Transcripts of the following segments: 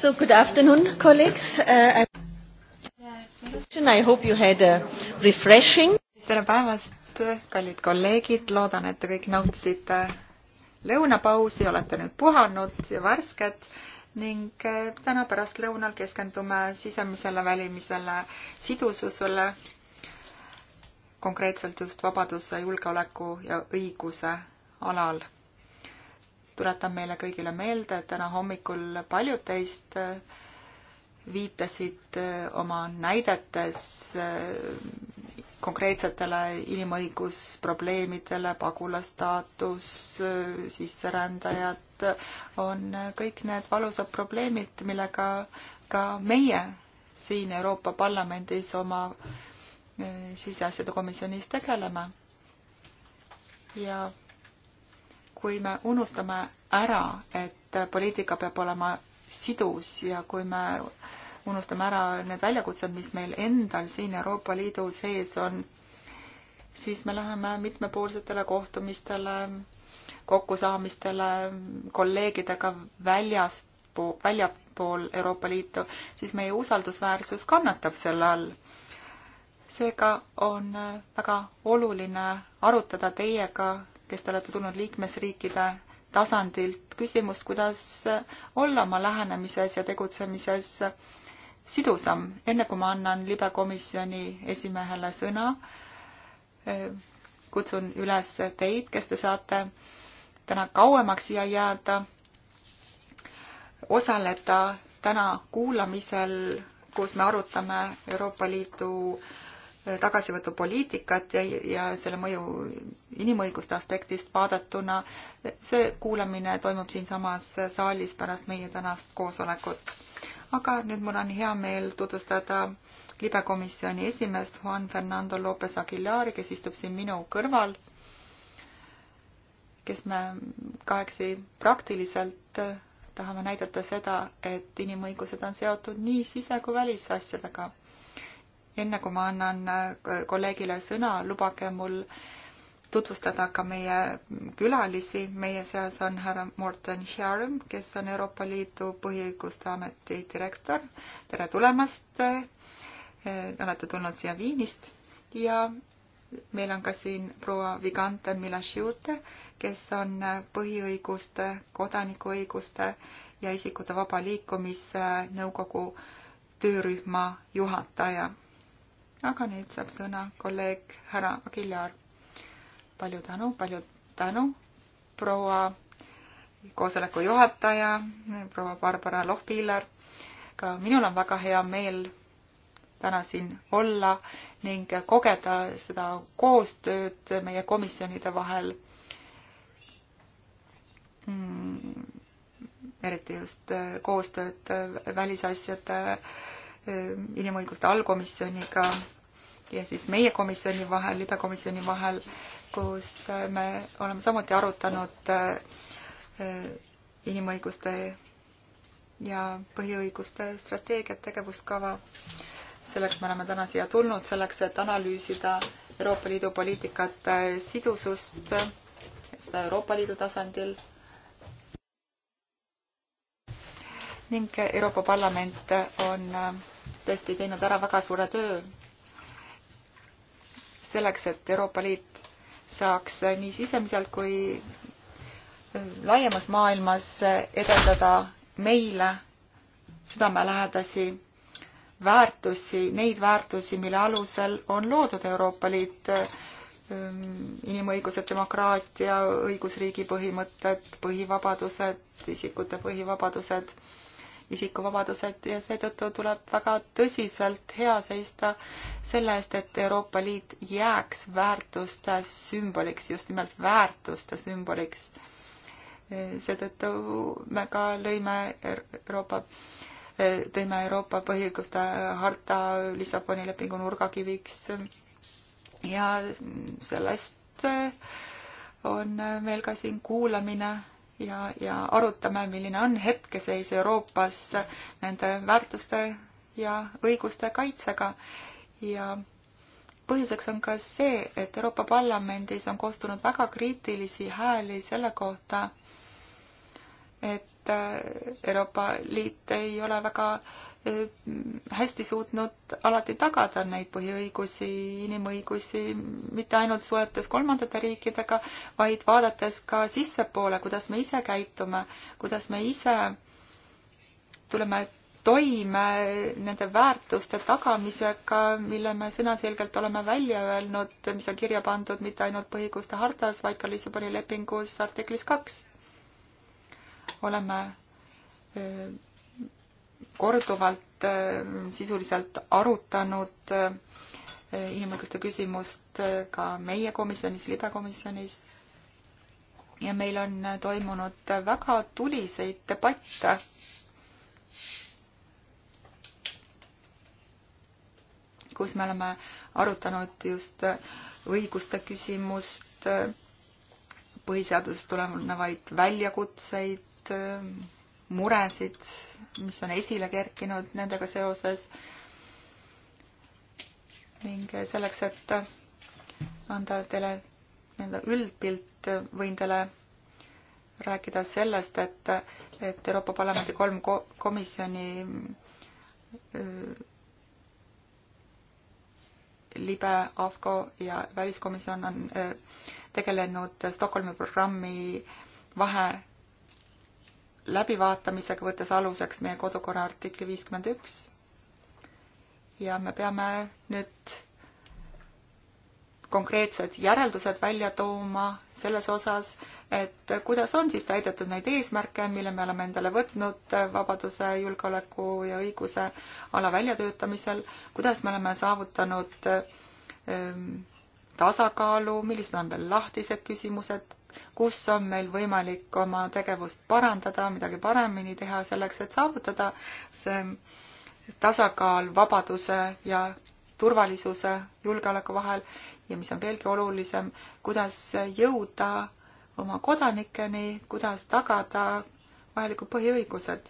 So good afternoon, colleagues. Uh, I hope you had a refreshing. tere päevast, kallid kolleegid, loodan, et te kõik nautisite lõunapausi, olete nüüd puhanud ja värsked ning äh, täna pärastlõunal keskendume sisemisele, välimisele sidususele, konkreetselt just vabaduse, julgeoleku ja õiguse alal tuletan meile kõigile meelde, et täna hommikul paljud teist äh, viitasid äh, oma näidetes äh, konkreetsetele inimõigusprobleemidele, pagulastaatus, sisserändajad, on kõik need valusad probleemid, millega ka meie siin Euroopa Parlamendis oma siseasjade komisjonis tegeleme. ja kui me unustame ära, et poliitika peab olema sidus ja kui me unustame ära need väljakutsed, mis meil endal siin Euroopa Liidu sees on, siis me läheme mitmepoolsetele kohtumistele, kokkusaamistele kolleegidega väljaspool, väljapool Euroopa Liitu, siis meie usaldusväärsus kannatab selle all. seega on väga oluline arutada teiega kes te olete tulnud liikmesriikide tasandilt, küsimust, kuidas olla oma lähenemises ja tegutsemises sidusam. enne kui ma annan libekomisjoni esimehele sõna, eh, kutsun üles teid, kes te saate täna kauemaks siia jääda, osaleda täna kuulamisel, kus me arutame Euroopa Liidu äh, tagasivõtupoliitikat ja, ja selle mõju inimõiguste aspektist vaadatuna. see kuulamine toimub siinsamas saalis pärast meie tänast koosolekut. aga nüüd mul on hea meel tutvustada libekomisjoni esimeest Juan Fernando Lopez Aguilari, kes istub siin minu kõrval, kes me kahekesi praktiliselt tahame näidata seda, et inimõigused on seotud nii sise- kui välisasjadega enne kui ma annan äh, kolleegile sõna, lubage mul tutvustada ka meie külalisi. meie seas on härra Morten Sharum, kes on Euroopa Liidu põhiõiguste ameti direktor. tere tulemast! Äh, olete tulnud siia Viinist ja meil on ka siin proua Vigante Milashiute, kes on äh, põhiõiguste, kodanikuõiguste ja isikute vaba liikumise nõukogu töörühma juhataja aga nüüd saab sõna kolleeg härra Aguilar. palju tänu, palju tänu, proua koosoleku juhataja, proua Barbara Lohpiller. ka minul on väga hea meel täna siin olla ning kogeda seda koostööd meie komisjonide vahel. Mm, eriti just äh, koostööd äh, välisasjade inimõiguste allkomisjoniga ja siis meie komisjoni vahel, libekomisjoni vahel, kus äh, me oleme samuti arutanud äh, äh, inimõiguste ja põhiõiguste strateegiat, tegevuskava. selleks me oleme täna siia tulnud, selleks, et analüüsida Euroopa Liidu poliitikate sidusust, seda Euroopa Liidu tasandil ning Euroopa Parlament on tõesti teinud ära väga suure töö selleks, et Euroopa Liit saaks nii sisemiselt kui laiemas maailmas edendada meile südamelähedasi väärtusi, neid väärtusi, mille alusel on loodud Euroopa Liit, inimõigused, demokraatia, õigusriigi põhimõtted, põhivabadused, isikute põhivabadused isikuvabadused ja seetõttu tuleb väga tõsiselt hea seista selle eest, et Euroopa Liit jääks väärtuste sümboliks, just nimelt väärtuste sümboliks. seetõttu me ka lõime Euroopa tõime Euroopa põhiõiguste harta Lissaboni lepingu nurgakiviks ja sellest on meil ka siin kuulamine ja, ja arutame, milline on hetkeseis Euroopas nende väärtuste ja õiguste kaitsega ja põhjuseks on ka see, et Euroopa Parlamendis on koostunud väga kriitilisi hääli selle kohta, et Euroopa Liit ei ole väga äh, Äh, hästi suutnud alati tagada neid põhiõigusi, inimõigusi, mitte ainult suhetes kolmandate riikidega, vaid vaadates ka sissepoole, kuidas me ise käitume, kuidas me ise tuleme toime nende väärtuste tagamisega, mille me sõnaselgelt oleme välja öelnud, mis on kirja pandud mitte ainult põhiõiguste hartas, vaid ka Lissaboni lepingus artiklis kaks. oleme äh, korduvalt äh, sisuliselt arutanud äh, inimõiguste küsimust äh, ka meie komisjonis, libekomisjonis. ja meil on toimunud väga tuliseid debatte. kus me oleme arutanud just õiguste küsimust, põhiseadusest tulenevaid väljakutseid, muresid, mis on esile kerkinud nendega seoses. ning selleks, et anda teile nii-öelda üldpilt, võin teile rääkida sellest, et, et Euroopa Parlamendi kolm ko komisjoni libe, AFCO ja väliskomisjon on tegelenud Stockholmi programmi vahe läbivaatamisega, võttes aluseks meie kodukorra artikli viiskümmend üks. ja me peame nüüd konkreetsed järeldused välja tooma selles osas, et kuidas on siis täidetud neid eesmärke, mille me oleme endale võtnud vabaduse, julgeoleku ja õiguse ala väljatöötamisel, kuidas me oleme saavutanud ehm, tasakaalu, millised on veel lahtised küsimused kus on meil võimalik oma tegevust parandada, midagi paremini teha selleks, et saavutada see tasakaal vabaduse ja turvalisuse, julgeoleku vahel ja mis on veelgi olulisem, kuidas jõuda oma kodanikeni, kuidas tagada vajalikud põhiõigused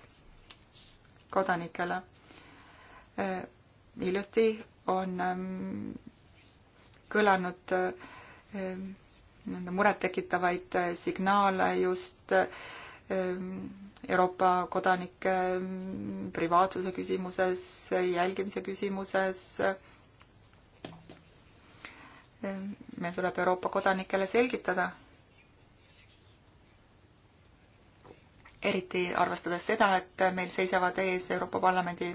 kodanikele. Äh, hiljuti on ähm, kõlanud äh, nende murettekitavaid äh, signaale just ähm, Euroopa kodanike mm, privaatsuse küsimuses, jälgimise küsimuses. Ähm, meil tuleb Euroopa kodanikele selgitada. eriti arvestades seda, et meil seisavad ees Euroopa Parlamendi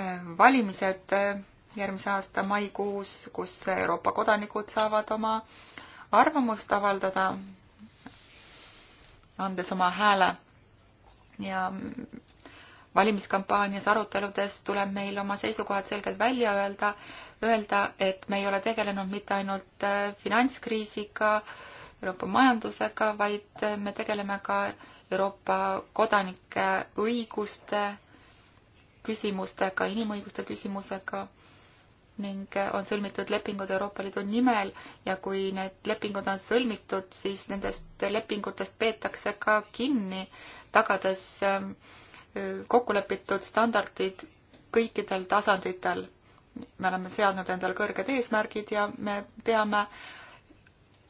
ähm, valimised äh, järgmise aasta maikuus, kus Euroopa kodanikud saavad oma äh, arvamust avaldada, andes oma hääle ja valimiskampaanias aruteludes tuleb meil oma seisukohad selgelt välja öelda, öelda, et me ei ole tegelenud mitte ainult äh, finantskriisiga, Euroopa majandusega, vaid äh, me tegeleme ka Euroopa kodanike õiguste küsimustega, inimõiguste küsimusega ning on sõlmitud lepingud Euroopa Liidu nimel ja kui need lepingud on sõlmitud, siis nendest lepingutest peetakse ka kinni, tagades ähm, äh, kokkulepitud standardid kõikidel tasanditel. me oleme seadnud endale kõrged eesmärgid ja me peame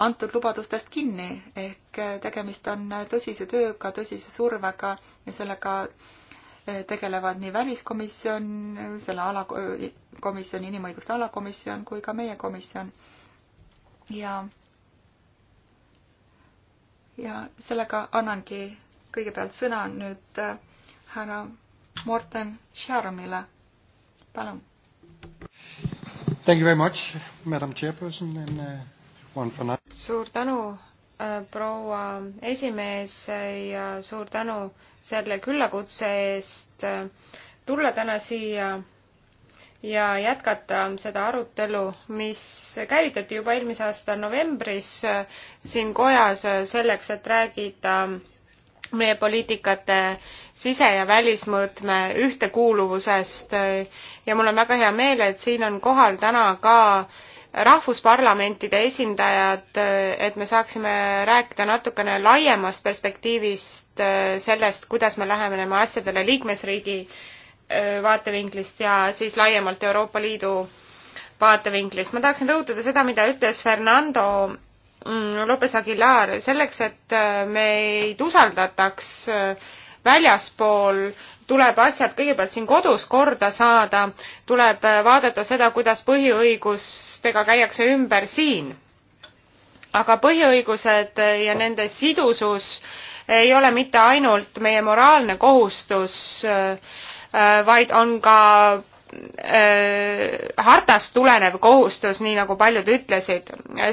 antud lubadustest kinni ehk äh, tegemist on äh, tõsise tööga, tõsise survega ja sellega tegelevad nii väliskomisjon, selle ala, komisjoni, inimõiguste alakomisjon kui ka meie komisjon. ja, ja sellega annangi kõigepealt sõna nüüd äh, härra Morten Sharamile. palun. Thank you very much, madam chairperson and uh, one for now. suur tänu Äh, proua esimees ja suur tänu selle küllakutse eest äh, tulla täna siia ja jätkata seda arutelu, mis käivitati juba eelmise aasta novembris äh, siin kojas selleks, et räägida meie poliitikate sise- ja välismõõtme ühtekuuluvusest ja mul on väga hea meel, et siin on kohal täna ka äh, rahvusparlamentide esindajad, et me saaksime rääkida natukene laiemast perspektiivist äh, sellest, kuidas me läheneme asjadele liikmesriigi äh, vaatevinklist ja siis laiemalt Euroopa Liidu vaatevinklist. ma tahaksin rõhutada seda, mida ütles Fernando mm, Lopez Aguilar, selleks, et äh, meid usaldataks äh, väljaspool, tuleb asjad kõigepealt siin kodus korda saada, tuleb vaadata seda, kuidas põhiõigustega käiakse ümber siin. aga põhiõigused ja nende sidusus ei ole mitte ainult meie moraalne kohustus, vaid on ka Äh, hartast tulenev kohustus, nii nagu paljud ütlesid.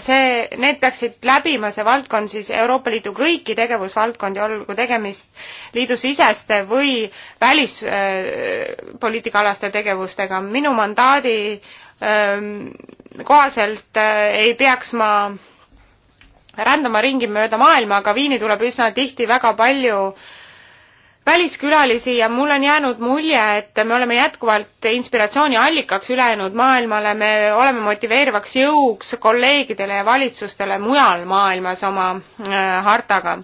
see, need peaksid läbima, see valdkond siis Euroopa Liidu kõiki tegevusvaldkondi, olgu tegemist liidu siseste või välispoliitikaalaste äh, tegevustega. minu mandaadi ähm, kohaselt äh, ei peaks ma rändama ringi mööda maailma, aga Viini tuleb üsna tihti väga palju äh, väliskülalisi ja mul on jäänud mulje, et me oleme jätkuvalt inspiratsiooniallikaks ülejäänud maailmale, me oleme motiveerivaks jõuks kolleegidele ja valitsustele mujal maailmas oma äh, hartaga.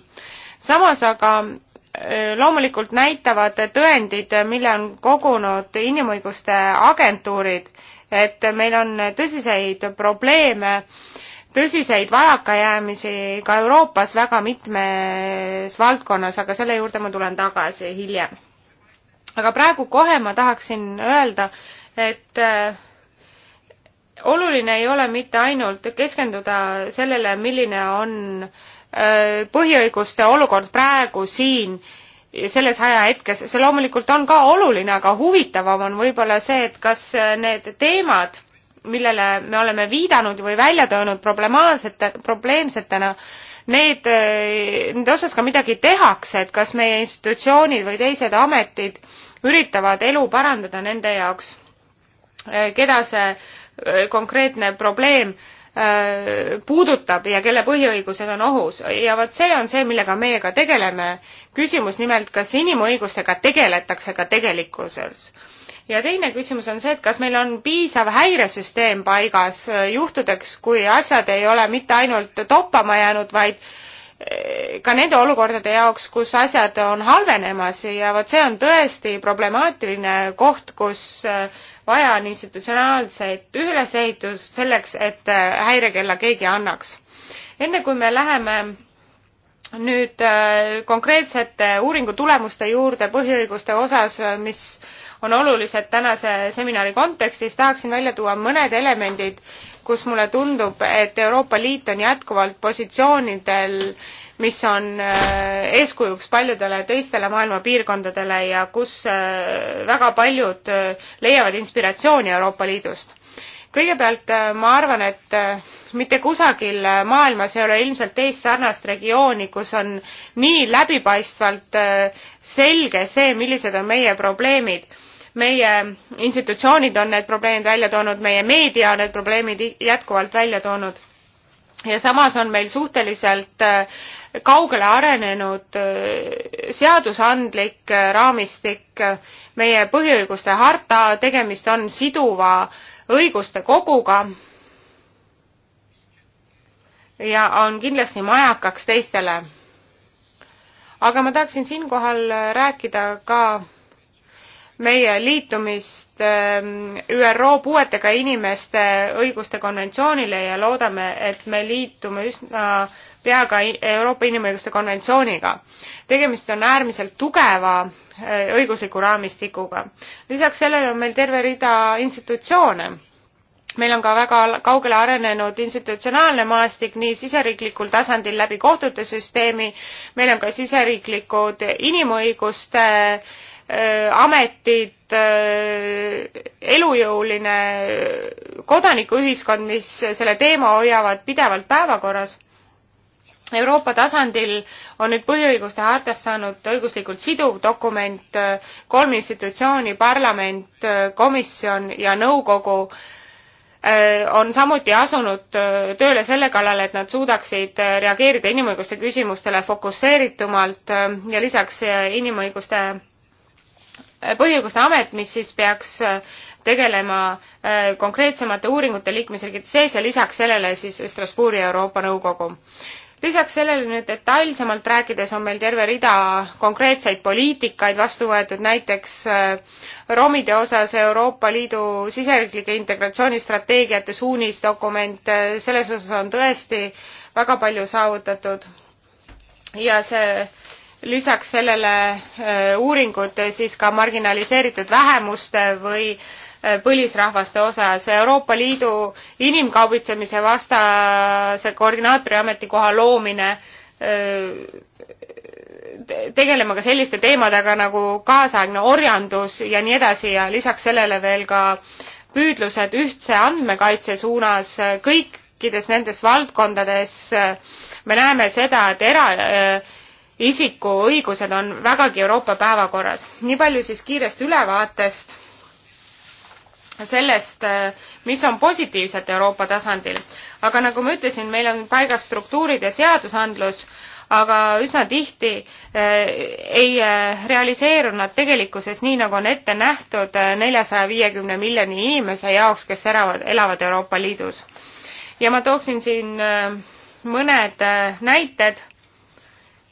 samas aga äh, loomulikult näitavad tõendid, mille on kogunud inimõiguste agentuurid, et meil on tõsiseid probleeme äh, tõsiseid vajakajäämisi ka Euroopas väga mitmes valdkonnas, aga selle juurde ma tulen tagasi hiljem. aga praegu kohe ma tahaksin öelda, et äh, oluline ei ole mitte ainult keskenduda sellele, milline on äh, põhiõiguste olukord praegu siin selles ajahetkes, see loomulikult on ka oluline, aga huvitavam on võib-olla see, et kas need teemad, millele me oleme viidanud või välja toonud problemaatsete, probleemsetena, need, nende osas ka midagi tehakse, et kas meie institutsioonid või teised ametid üritavad elu parandada nende jaoks, keda see eh, konkreetne probleem eh, puudutab ja kelle põhiõigused on ohus ja vot see on see, millega meie ka tegeleme. küsimus nimelt, kas inimõigustega tegeletakse ka tegelikkuses ja teine küsimus on see, et kas meil on piisav häiresüsteem paigas äh, juhtudeks, kui asjad ei ole mitte ainult toppama jäänud, vaid äh, ka nende olukordade jaoks, kus asjad on halvenemas ja vot see on tõesti problemaatiline koht, kus äh, vaja on institutsionaalset ülesehitust selleks, et häirekella keegi annaks. enne kui me läheme nüüd äh, konkreetsete uuringutulemuste juurde põhiõiguste osas, äh, mis on olulised tänase seminari kontekstis, tahaksin välja tuua mõned elemendid, kus mulle tundub, et Euroopa Liit on jätkuvalt positsioonidel, mis on äh, eeskujuks paljudele teistele maailma piirkondadele ja kus väga paljud leiavad inspiratsiooni Euroopa Liidust. kõigepealt ma arvan, et mitte kusagil maailmas ei ole ilmselt teist sarnast regiooni, kus on nii läbipaistvalt äh, selge see, millised on meie probleemid. meie institutsioonid on need probleemid välja toonud, meie meedia on need probleemid jätkuvalt välja toonud. ja samas on meil suhteliselt äh, kaugele arenenud äh, seadusandlik raamistik, meie põhiõiguste harta, tegemist on siduva õiguste koguga ja on kindlasti majakaks teistele. aga ma tahaksin siinkohal rääkida ka meie liitumist ähm, ÜRO puuetega inimeste õiguste konventsioonile ja loodame, et me liitume üsna pea ka Euroopa Inimõiguste konventsiooniga. tegemist on äärmiselt tugeva äh, õigusliku raamistikuga. lisaks sellele on meil terve rida institutsioone meil on ka väga kaugele arenenud institutsionaalne maastik nii siseriiklikul tasandil läbi kohtute süsteemi, meil on ka siseriiklikud inimõiguste äh, ametid, äh, elujõuline kodanikuühiskond, mis selle teema hoiavad pidevalt päevakorras. Euroopa tasandil on nüüd põhiõiguste hartast saanud õiguslikult siduv dokument, äh, kolm institutsiooni, parlament, komisjon ja nõukogu Äh, on samuti asunud äh, tööle selle kallal, et nad suudaksid äh, reageerida inimõiguste küsimustele fokusseeritumalt ja lisaks inimõiguste, põhiõiguste amet, mis siis peaks tegelema konkreetsemate uuringute liikmesriigid sees ja lisaks sellele siis Strasbourgi Euroopa Nõukogu lisaks sellele nüüd detailsemalt rääkides on meil terve rida konkreetseid poliitikaid vastu võetud, näiteks äh, romide osas Euroopa Liidu siseriiklike integratsioonistrateegiate suunisdokument, äh, selles osas on tõesti väga palju saavutatud. ja see lisaks sellele äh, uuringud siis ka marginaliseeritud vähemuste või põlisrahvaste osas. Euroopa Liidu inimkaubitsemise vastase koordinaatori ametikoha loomine, tegelema ka selliste teemadega nagu kaasaegne orjandus ja nii edasi ja lisaks sellele veel ka püüdlused ühtse andmekaitse suunas kõikides nendes valdkondades me näeme seda, et eraisiku õigused on vägagi Euroopa päevakorras. nii palju siis kiirest ülevaatest sellest, mis on positiivset Euroopa tasandil. aga nagu ma ütlesin, meil on paigas struktuurid ja seadusandlus, aga üsna tihti äh, ei äh, eh, realiseeru nad tegelikkuses nii, nagu on ette nähtud eh, neljasaja viiekümne miljoni inimese jaoks, kes elavad, elavad Euroopa Liidus. ja ma tooksin siin äh, mõned äh, näited,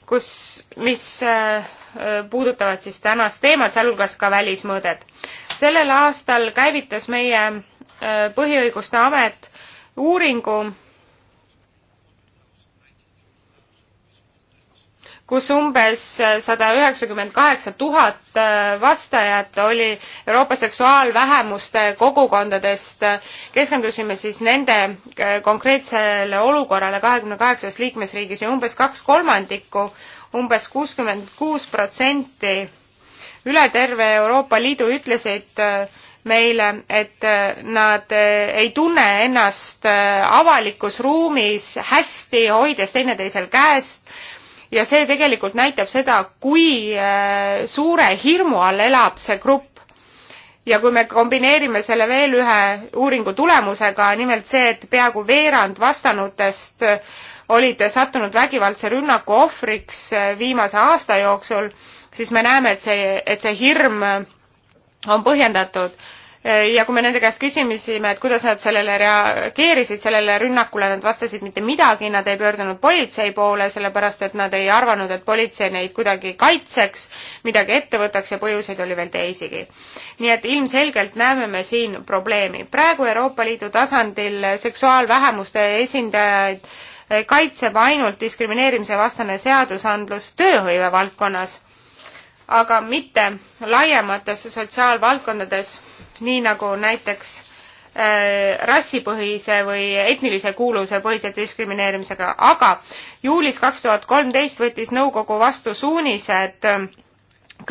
kus, mis äh, puudutavad siis tänast teemat, sealhulgas ka välismõõdet sellel aastal käivitas meie äh, põhiõiguste amet uuringu, kus umbes äh, sada üheksakümmend kaheksa tuhat äh, vastajat oli Euroopa seksuaalvähemuste kogukondadest. keskendusime siis nende konkreetsele olukorrale kahekümne kaheksas liikmesriigis ja umbes kaks kolmandikku, umbes kuuskümmend kuus protsenti üle terve Euroopa Liidu ütlesid äh, meile, et äh, nad äh, ei tunne ennast avalikus ruumis hästi, hoides teineteisel käest ja see tegelikult näitab seda, kui suure hirmu all elab see grupp. ja kui me kombineerime selle veel ühe uuringu tulemusega, nimelt see, et peaaegu veerand vastanutest olid sattunud vägivaldse rünnaku ohvriks viimase aasta jooksul, siis me näeme, et see, et see hirm on põhjendatud. ja kui me nende käest küsisime, et kuidas nad sellele reageerisid, sellele rünnakule, nad vastasid mitte midagi, nad ei pöördunud politsei poole, sellepärast et nad ei arvanud, et politsei neid kuidagi kaitseks, midagi ette võtaks ja põhjuseid oli veel teisigi. nii et ilmselgelt näeme me siin probleemi. praegu Euroopa Liidu tasandil seksuaalvähemuste esindajaid eh, kaitseb ainult diskrimineerimise vastane seadusandlus tööhõive valdkonnas aga mitte laiemates sotsiaalvaldkondades, nii nagu näiteks äh, rassipõhise või etnilise kuuluvuse põhise diskrimineerimisega, aga juulis kaks tuhat kolmteist võttis nõukogu vastu suunised äh,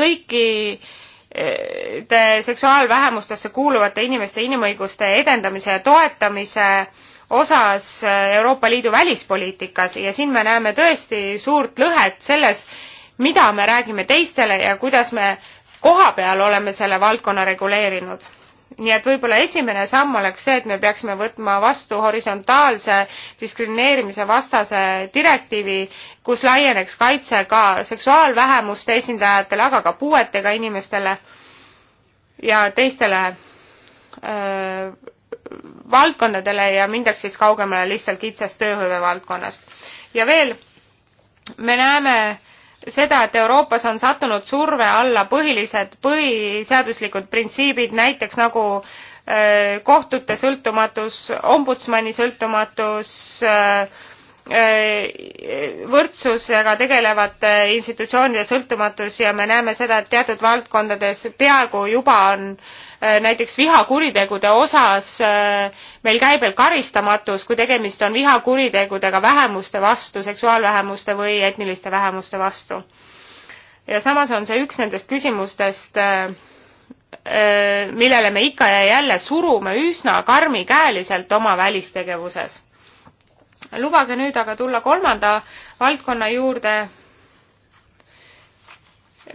kõiki äh, seksuaalvähemustesse kuuluvate inimeste inimõiguste edendamise ja toetamise osas Euroopa Liidu välispoliitikas ja siin me näeme tõesti suurt lõhet selles, mida me räägime teistele ja kuidas me kohapeal oleme selle valdkonna reguleerinud nii et võib-olla esimene samm oleks see, et me peaksime võtma vastu horisontaalse diskrimineerimise vastase direktiivi, kus laieneks kaitse ka seksuaalvähemuste esindajatele, aga ka puuetega inimestele ja teistele öö, valdkondadele ja mindaks siis kaugemale lihtsalt kitsast tööhõive valdkonnast. ja veel, me näeme, seda, et Euroopas on sattunud surve alla põhilised põhiseaduslikud printsiibid, näiteks nagu öö, äh, kohtute sõltumatus, ombudsmani sõltumatus, äh, äh, võrdsusega tegelevate institutsioonide sõltumatus ja me näeme seda, et teatud valdkondades peaaegu juba on öö, Äh, näiteks vihakuritegude osas äh, meil käib veel karistamatus, kui tegemist on vihakuritegudega vähemuste vastu, seksuaalvähemuste või etniliste vähemuste vastu. ja samas on see üks nendest küsimustest, äh, millele me ikka ja jälle surume üsna karmikäeliselt oma välistegevuses. lubage nüüd aga tulla kolmanda valdkonna juurde,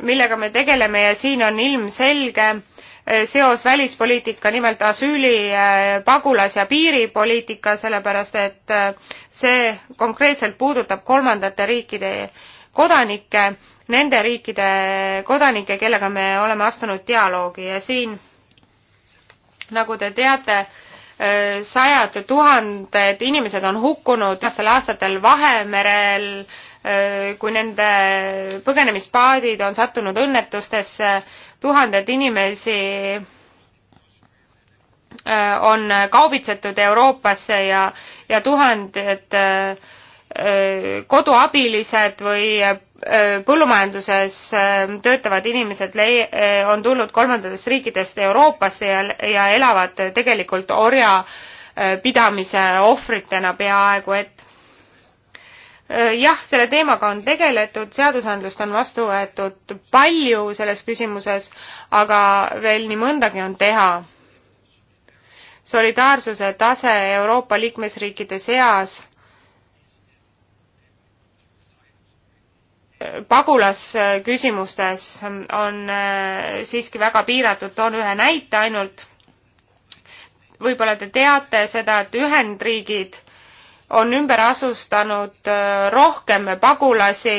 millega me tegeleme ja siin on ilmselge, Eh, seos välispoliitika, nimelt asüüli, eh, pagulas- ja piiripoliitika, sellepärast et eh, see konkreetselt puudutab kolmandate riikide kodanikke, nende riikide kodanikke, kellega me oleme astunud dialoogi ja siin, nagu te teate, sajad tuhanded inimesed on hukkunud viimastel aastatel Vahemerel äh, Äh, kui nende põgenemispaadid on sattunud õnnetustesse, tuhanded inimesi äh, on kaubitsetud Euroopasse ja, ja tuhanded äh, koduabilised või põllumajanduses töötavad inimesed lei-, on tulnud kolmandatest riikidest Euroopasse ja, ja elavad tegelikult orjapidamise ohvritena peaaegu et Äh, jah, selle teemaga on tegeletud, seadusandlust on vastu võetud palju selles küsimuses, aga veel nii mõndagi on teha. solidaarsuse tase Euroopa liikmesriikide seas, äh, pagulasküsimustes on äh, siiski väga piiratud, toon ühe näite ainult. võib-olla te teate seda, et Ühendriigid on ümber asustanud äh, rohkem pagulasi,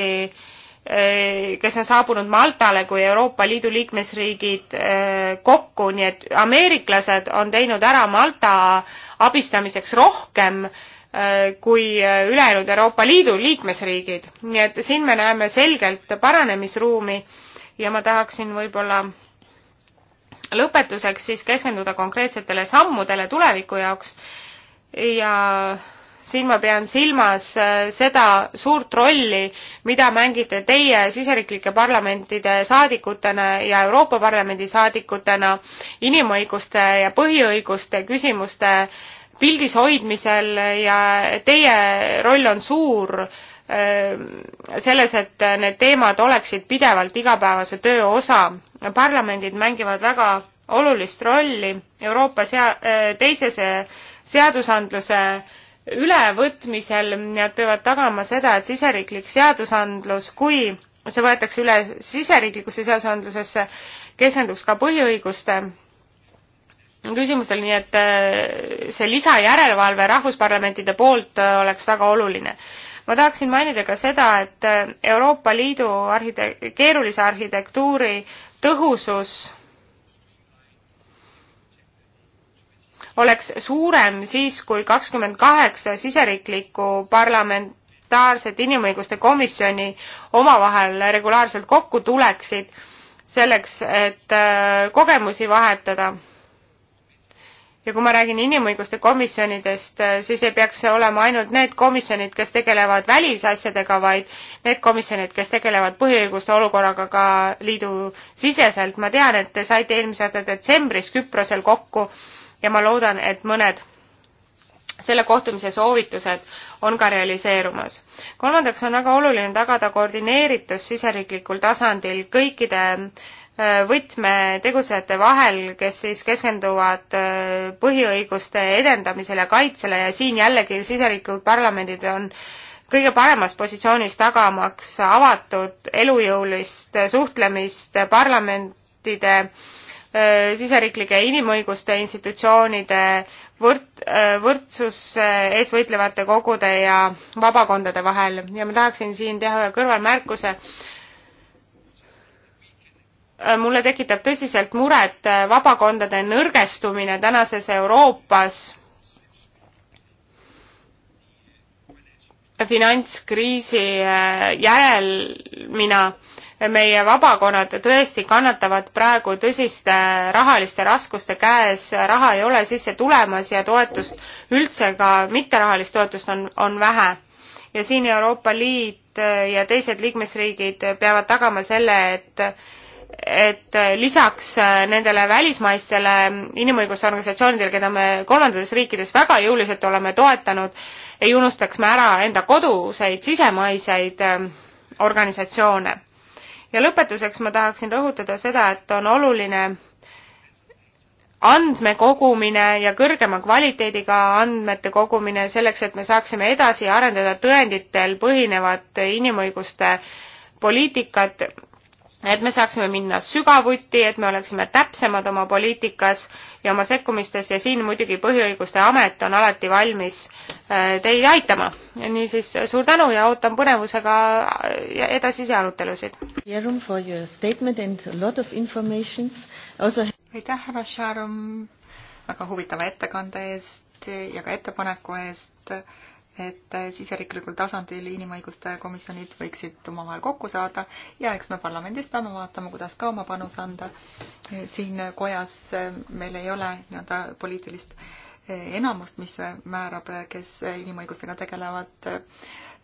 äh, kes on saabunud Maltale kui Euroopa Liidu liikmesriigid äh, kokku, nii et ameeriklased on teinud ära Malta abistamiseks rohkem kui ülejäänud Euroopa Liidu liikmesriigid. nii et siin me näeme selgelt paranemisruumi ja ma tahaksin võib-olla lõpetuseks siis keskenduda konkreetsetele sammudele tuleviku jaoks ja siin ma pean silmas äh, seda suurt rolli, mida mängite teie siseriiklike parlamentide saadikutena ja Euroopa Parlamendi saadikutena inimõiguste ja põhiõiguste küsimuste pildis hoidmisel ja teie roll on suur äh, selles, et need teemad oleksid pidevalt igapäevase töö osa. parlamendid mängivad väga olulist rolli Euroopa sea-, äh, teisese seadusandluse ülevõtmisel nad peavad tagama seda, et siseriiklik seadusandlus, kui see võetakse üle siseriiklikusse seadusandlusesse, keskenduks ka põhiõiguste küsimusele, nii et äh, see lisajärelevalve rahvusparlamentide poolt äh, oleks väga oluline. ma tahaksin mainida ka seda, et äh, Euroopa Liidu arhite-, keerulise arhitektuuri tõhusus oleks suurem siis, kui kakskümmend kaheksa siseriiklikku parlamentaarset inimõiguste komisjoni omavahel regulaarselt kokku tuleksid, selleks et äh, kogemusi vahetada. ja kui ma räägin inimõiguste komisjonidest, äh, siis ei peaks see olema ainult need komisjonid, kes tegelevad välisasjadega, vaid need komisjonid, kes tegelevad põhiõiguste olukorraga ka liidu siseselt. ma tean, et te saite eelmise aasta detsembris Küprosel kokku äh, ja ma loodan, et mõned selle kohtumise soovitused on ka realiseerumas. kolmandaks on väga oluline tagada koordineeritus siseriiklikul tasandil kõikide äh, võtmetegusajate vahel, kes siis keskenduvad äh, põhiõiguste edendamisele ja kaitsele ja siin jällegi siseriiklikud parlamendid on kõige paremas positsioonis tagamaks avatud elujõulist suhtlemist parlamentide Äh, siseriiklike inimõiguste institutsioonide võrd-, äh, võrdsuse äh, ees võitlevate kogude ja vabakondade vahel ja ma tahaksin siin teha ühe kõrvalmärkuse. mulle tekitab tõsiselt muret vabakondade nõrgestumine tänases Euroopas finantskriisi järelmina meie vabakonnad tõesti kannatavad praegu tõsiste rahaliste raskuste käes, raha ei ole sisse tulemas ja toetust üldse ka mitterahalist toetust on, on vähe. ja siin Euroopa Liit ja teised liikmesriigid peavad tagama selle, et et lisaks nendele välismaistele inimõiguste organisatsioonidele, keda me kolmandates riikides väga jõuliselt oleme toetanud, ei unustaks me ära enda koduseid sisemaiseid eh, organisatsioone ja lõpetuseks ma tahaksin rõhutada seda, et on oluline andmekogumine ja kõrgema kvaliteediga andmete kogumine selleks, et me saaksime edasi arendada tõenditel põhinevat inimõiguste poliitikat et me saaksime minna sügavuti, et me oleksime täpsemad oma poliitikas ja oma sekkumistes ja siin muidugi Põhiõiguste Amet on alati valmis äh, teid aitama. niisiis suur tänu ja ootan põnevusega äh, edasisi arutelusid. aitäh, härra Sharum, väga huvitava ettekande eest ja ka ettepaneku eest et siseriiklikul tasandil inimõiguste komisjonid võiksid omavahel kokku saada ja eks me parlamendis peame vaatama, kuidas ka oma panuse anda. siin kojas meil ei ole nii-öelda poliitilist enamust, mis määrab, kes inimõigustega tegelevad.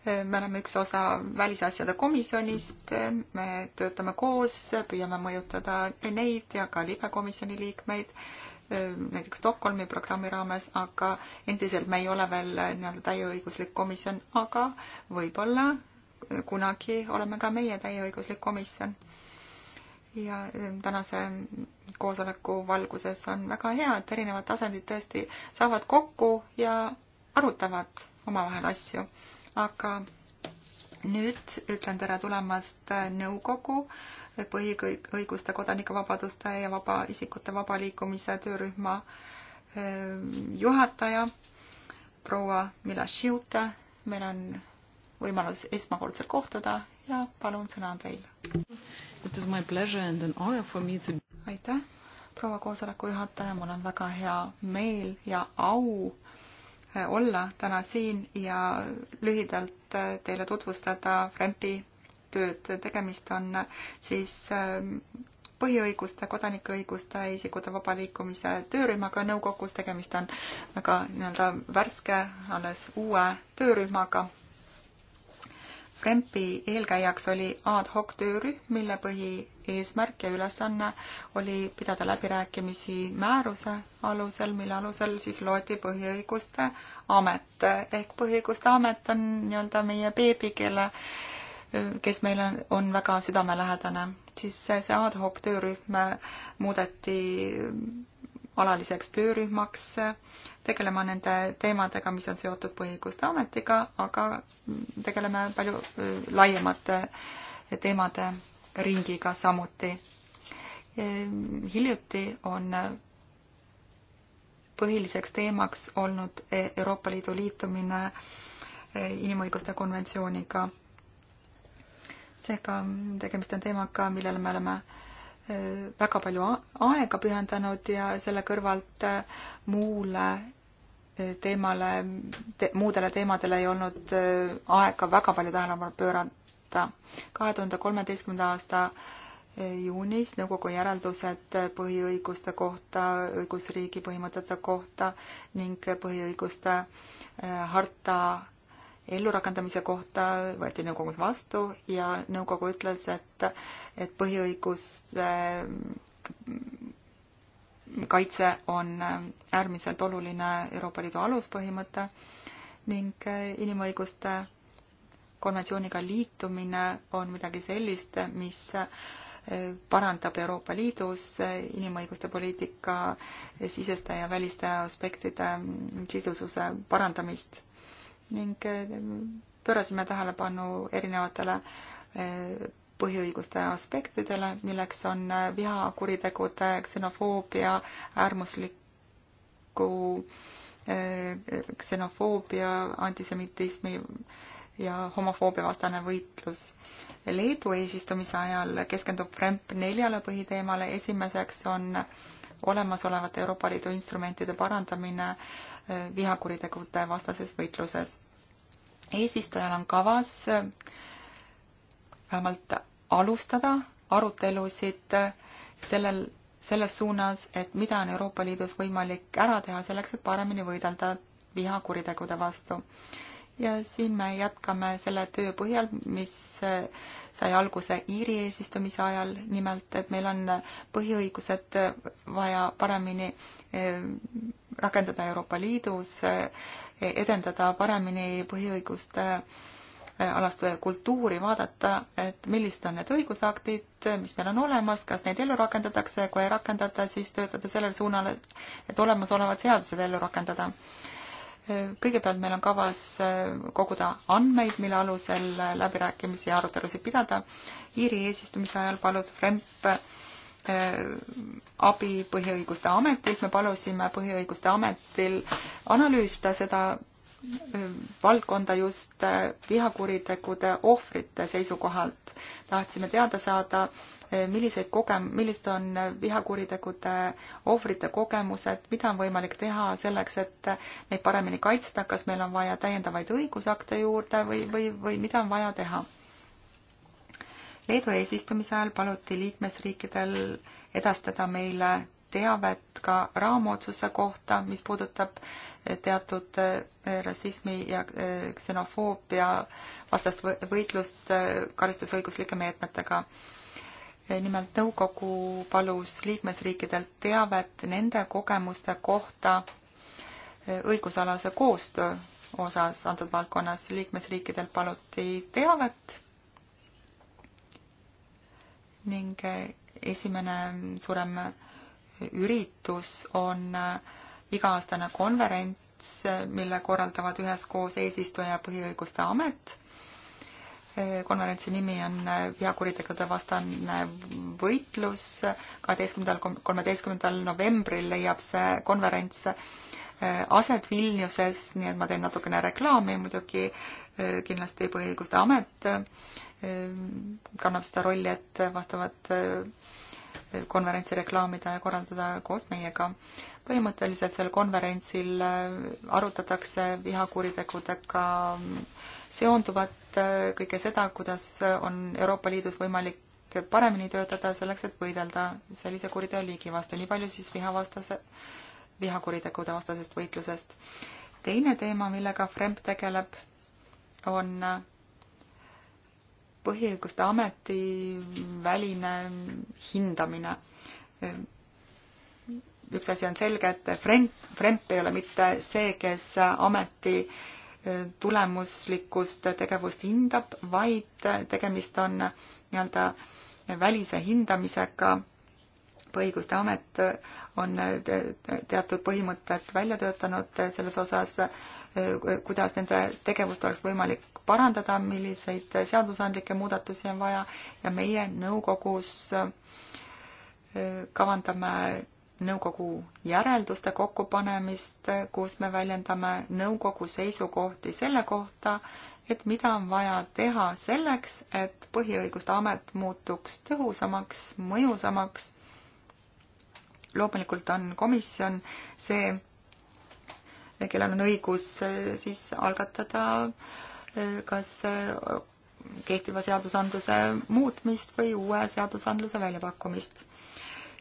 me oleme üks osa välisasjade komisjonist, me töötame koos, püüame mõjutada neid ja ka libekomisjoni liikmeid näiteks Stockholmi programmi raames, aga endiselt me ei ole veel äh, nii-öelda täieõiguslik komisjon, aga võib-olla äh, kunagi oleme ka meie täieõiguslik komisjon. ja äh, tänase koosoleku valguses on väga hea, et erinevad tasandid tõesti saavad kokku ja arutavad omavahel asju, aga nüüd ütlen tere tulemast nõukogu äh, põhiõiguste, kodanikuvabaduste ja vaba, isikute vaba liikumise töörühma eh, juhataja proua Mila Šiuta. meil on võimalus esmakordselt kohtuda ja palun, sõna on teil. aitäh, proua koosoleku juhataja, mul on väga hea meel ja au eh, olla täna siin ja lühidalt eh, teile tutvustada Frempi koostööd, tegemist on siis ähm, põhiõiguste, kodanikuõiguste, isikute vaba liikumise töörühmaga nõukogus, tegemist on väga nii-öelda värske, alles uue töörühmaga. Rempi eelkäijaks oli ad hoc töörühm, mille põhieesmärk ja ülesanne oli pidada läbirääkimisi määruse alusel, mille alusel siis loodi põhiõiguste amet ehk põhiõiguste amet on nii-öelda meie beebi, kelle äh, kes meile on, on väga südamelähedane, siis see ad hoc töörühm muudeti alaliseks töörühmaks tegelema nende teemadega, mis on seotud põhiõiguste ametiga, aga tegeleme palju laiemate teemade ringiga samuti. Ehm, hiljuti on põhiliseks teemaks olnud e-, Euroopa Liidu liitumine e, inimõiguste konventsiooniga seega tegemist on teemaga, millele me oleme äh, väga palju aega pühendanud ja selle kõrvalt äh, muule äh, teemale te,, muudele teemadele ei olnud aega väga palju tähelepanu pöörata. kahe tuhande kolmeteistkümnenda aasta juunis nõukogu järeldused põhiõiguste kohta, õigusriigi põhimõtete kohta ning põhiõiguste harta ellurakendamise kohta võeti nõukogus vastu ja nõukogu ütles, et, et põhiõiguste kaitse on äärmiselt oluline Euroopa Liidu aluspõhimõte ning inimõiguste konventsiooniga liitumine on midagi sellist, mis parandab Euroopa Liidus inimõiguste poliitika siseste ja väliste aspektide sidususe parandamist ning eh, pöörasime tähelepanu erinevatele eh, põhiõiguste aspektidele, milleks on eh, vihakuritegude, ksenofoobia, äärmusliku ksenofoobia, antisemitismi ja homofoobia vastane võitlus. Leedu eesistumise ajal keskendub Fremp neljale põhiteemale, esimeseks on äh, olemasolevate Euroopa Liidu instrumentide parandamine eh, vihakuritegude vastases võitluses. eesistujal on kavas eh, vähemalt alustada arutelusid eh, sellel, selles suunas, et mida on Euroopa Liidus võimalik ära teha selleks, et paremini võidelda vihakuritegude vastu. ja siin me jätkame selle töö põhjal, mis sai alguse Iiri eesistumise ajal, nimelt et meil on põhiõigused vaja paremini eh, rakendada Euroopa Liidus, eh, edendada paremini põhiõiguste eh, alast kultuuri vaadata, et millised on need õigusaktid, mis meil on olemas, kas neid ellu rakendatakse, kui ei rakendata, siis töötada sellel suunal, et olemasolevad seadused ellu rakendada kõigepealt meil on kavas äh, koguda andmeid, mille alusel äh, läbirääkimisi ja arutelusid pidada. Iiri eesistumise ajal palus Fremp äh, abi Põhiõiguste Ametilt, me palusime Põhiõiguste Ametil analüüsida seda valdkonda just äh, vihakuritegude ohvrite seisukohalt. tahtsime teada saada, äh, milliseid kogem-, millised on vihakuritegude ohvrite kogemused, mida on võimalik teha selleks, et neid paremini kaitsta, kas meil on vaja täiendavaid õigusakte juurde või, või, või mida on vaja teha? Leedu eesistumise ajal paluti liikmesriikidel edastada meile teavet ka raamotsuse kohta, mis puudutab eh, teatud eh, rassismi ja eh, ksenofoobia vastast võitlust karistusõiguslike meetmetega. nimelt nõukogu palus liikmesriikidelt teavet nende kogemuste kohta õigusalase koostöö osas antud valdkonnas. liikmesriikidelt paluti teavet ning esimene suurem üritus on äh, iga-aastane konverents, äh, mille korraldavad üheskoos eesistuja Põhiõiguste Amet. Äh, konverentsi nimi on Veakuritegude vastane võitlus. kaheteistkümnendal, kolmeteistkümnendal novembril leiab see konverents aset Vilniuses, nii et ma teen natukene reklaami muidugi, kindlasti Põhiõiguste Amet kannab seda rolli, et vastavad konverentsi reklaamida ja korraldada koos meiega. põhimõtteliselt sel konverentsil äh, arutatakse vihakuritegudega seonduvat, äh, kõike seda, kuidas on Euroopa Liidus võimalik paremini töötada selleks, et võidelda sellise kuriteoliigi vastu, nii palju siis vihavastase, vihakuritegude vastasest võitlusest. teine teema, millega Fremp tegeleb, on põhiõiguste ameti väline hindamine. üks asi on selge, et Fremp, Fremp ei ole mitte see, kes ameti tulemuslikkust tegevust hindab, vaid tegemist on nii-öelda välise hindamisega. põhiõiguste amet on teatud põhimõtted välja töötanud selles osas, kuidas nende tegevust oleks võimalik parandada, milliseid seadusandlikke muudatusi on vaja ja meie nõukogus äh, kavandame nõukogu järelduste kokkupanemist, kus me väljendame nõukogu seisukohti selle kohta, et mida on vaja teha selleks, et põhiõiguste amet muutuks tõhusamaks, mõjusamaks. loomulikult on komisjon see, kellel on õigus äh, siis algatada äh, kas äh, kehtiva seadusandluse muutmist või uue seadusandluse väljapakkumist.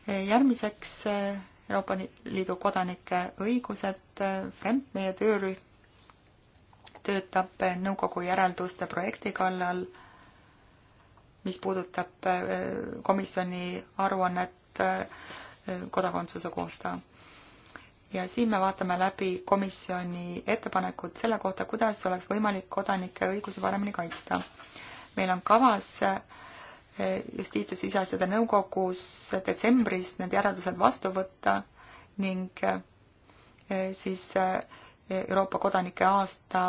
Äh, järgmiseks äh, Euroopa Liidu kodanike õigused, FREMP, meie töörühm töötab nõukogu järelduste projekti kallal, mis puudutab komisjoni aruannet kodakondsuse kohta ja siin me vaatame läbi komisjoni ettepanekud selle kohta, kuidas oleks võimalik kodanike õigusi paremini kaitsta. meil on kavas eh, justiits- ja siseasjade nõukogus detsembris need järeldused vastu võtta ning eh, siis eh, Euroopa kodanike aasta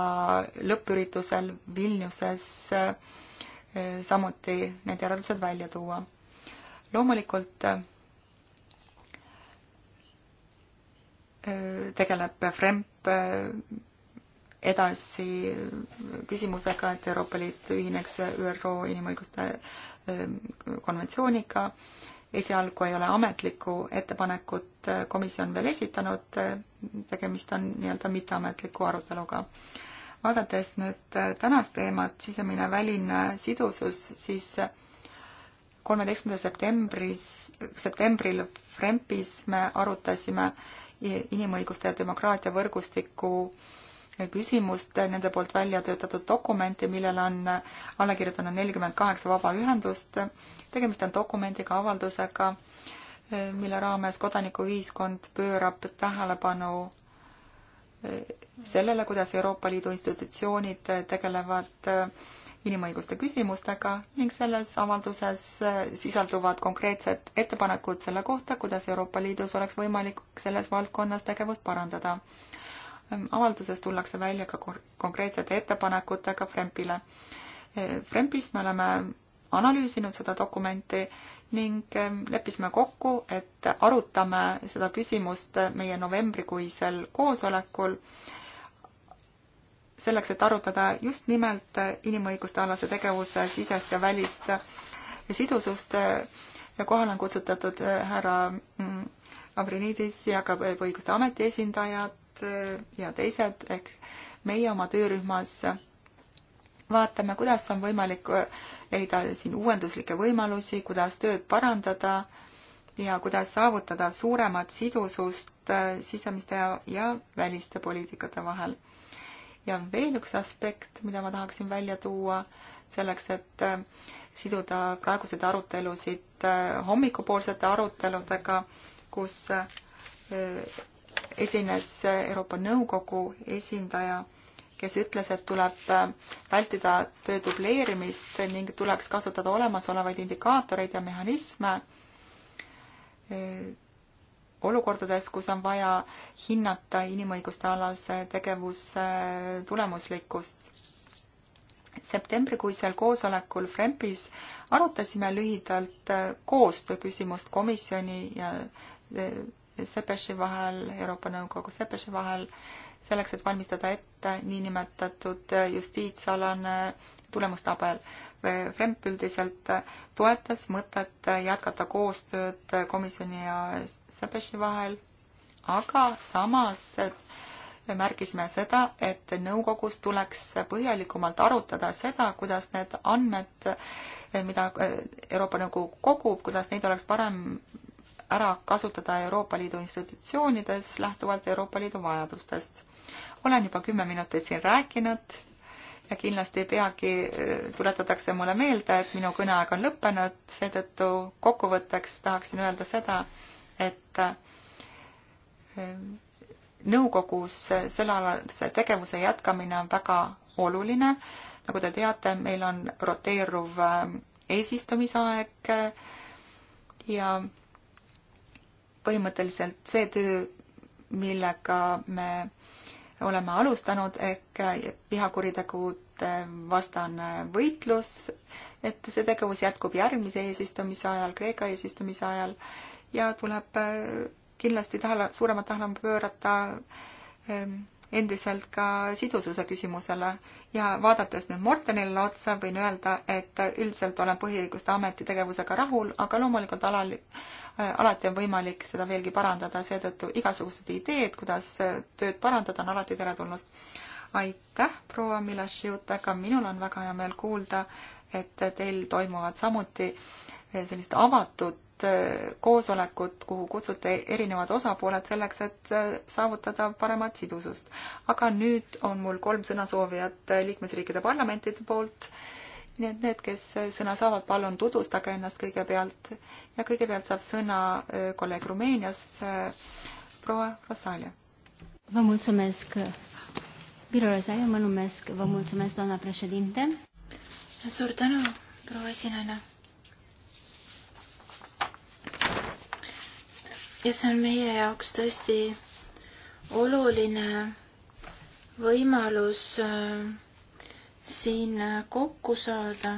lõppüritusel Vilniuses samuti need järeldused välja tuua. loomulikult tegeleb FREMP äh, edasi küsimusega, et Euroopa Liit ühineks ÜRO inimõiguste äh, konventsiooniga. esialgu ei ole ametlikku ettepanekut äh, komisjon veel esitanud, tegemist on nii-öelda mitteametliku aruteluga. vaadates nüüd tänast teemat, sisemine väline sidusus, siis kolmeteistkümnendal septembris, septembril FREMPis me arutasime äh, inimõiguste ja demokraatia võrgustiku küsimust, nende poolt välja töötatud dokumenti, millele on alla kirjutanud nelikümmend kaheksa vabaühendust. tegemist on dokumendiga, avaldusega, mille raames kodanikuühiskond pöörab tähelepanu sellele, kuidas Euroopa Liidu institutsioonid tegelevad inimõiguste küsimustega ning selles avalduses äh, sisalduvad konkreetsed ettepanekud selle kohta, kuidas Euroopa Liidus oleks võimalik selles valdkonnas tegevust parandada. Ähm, avalduses tullakse välja ka konkreetsete ettepanekutega Frempile. Äh, Frempis me oleme analüüsinud seda dokumenti ning ähm, leppisime kokku, et arutame seda küsimust meie novembrikuisel koosolekul selleks, et arutada just nimelt inimõiguste alase tegevuse sisest ja välist sidusust ja kohale on kutsutatud äh, härra mm, Avrinidis ja ka äh, õiguste ameti esindajad äh, ja teised ehk meie oma töörühmas vaatame, kuidas on võimalik leida siin uuenduslikke võimalusi, kuidas tööd parandada ja kuidas saavutada suuremat sidusust sisemiste ja väliste poliitikate vahel ja veel üks aspekt, mida ma tahaksin välja tuua selleks, et äh, siduda praeguseid arutelusid äh, hommikupoolsete aruteludega, kus äh, esines Euroopa Nõukogu esindaja, kes ütles, et tuleb vältida töö dubleerimist ning tuleks kasutada olemasolevaid indikaatoreid ja mehhanisme olukordades, kus on vaja hinnata inimõiguste alase tegevuse tulemuslikkust. septembrikuisel koosolekul Frempis arutasime lühidalt koostöö küsimust komisjoni ja Sepeši vahel, Euroopa Nõukogu Sepeši vahel, selleks, et valmistada ette niinimetatud justiitsalane tulemustabel. Fremp üldiselt toetas mõtet jätkata koostööd komisjoni ja Sabeši vahel, aga samas me märkisime seda, et nõukogus tuleks põhjalikumalt arutada seda, kuidas need andmed, mida Euroopa Nõukogu kogub, kuidas neid oleks parem ära kasutada Euroopa Liidu institutsioonides lähtuvalt Euroopa Liidu vajadustest. olen juba kümme minutit siin rääkinud ja kindlasti peagi äh, tuletatakse mulle meelde, et minu kõneaeg on lõppenud, seetõttu kokkuvõtteks tahaksin öelda seda, et eh, nõukogus sellealase tegevuse jätkamine on väga oluline. nagu te teate, meil on roteeruv eh, eesistumisaeg eh, ja põhimõtteliselt see töö, millega me oleme alustanud ehk vihakuritegude vastane võitlus, et see tegevus jätkub järgmise eesistumise ajal, Kreeka eesistumise ajal ja tuleb äh, kindlasti tähele, suuremat tähelepanu pöörata ähm, endiselt ka sidususe küsimusele ja vaadates nüüd Mortenile otsa, võin öelda, et üldiselt olen põhiõiguste ameti tegevusega rahul, aga loomulikult alal, äh, alati on võimalik seda veelgi parandada, seetõttu igasugused ideed, kuidas äh, tööd parandada, on alati teretulnud. aitäh, proua Milašiutega, minul on väga hea meel kuulda, et teil toimuvad samuti sellist avatud Äh, koosolekut, kuhu kutsuti erinevad osapooled selleks, et äh, saavutada paremat sidusust. aga nüüd on mul kolm sõnasoovijat äh, liikmesriikide parlamentide poolt. nii et need, kes sõna saavad, palun tutvustage ennast kõigepealt ja kõigepealt saab sõna kolleeg Rumeenias, proua Rosalia. Vă mulțumesc, Biro Rosalia, mă numesc, vă mulțumesc, doamna președinte. Suur tänu, proua esinaine ja see on meie jaoks tõesti oluline võimalus äh, siin äh, kokku saada.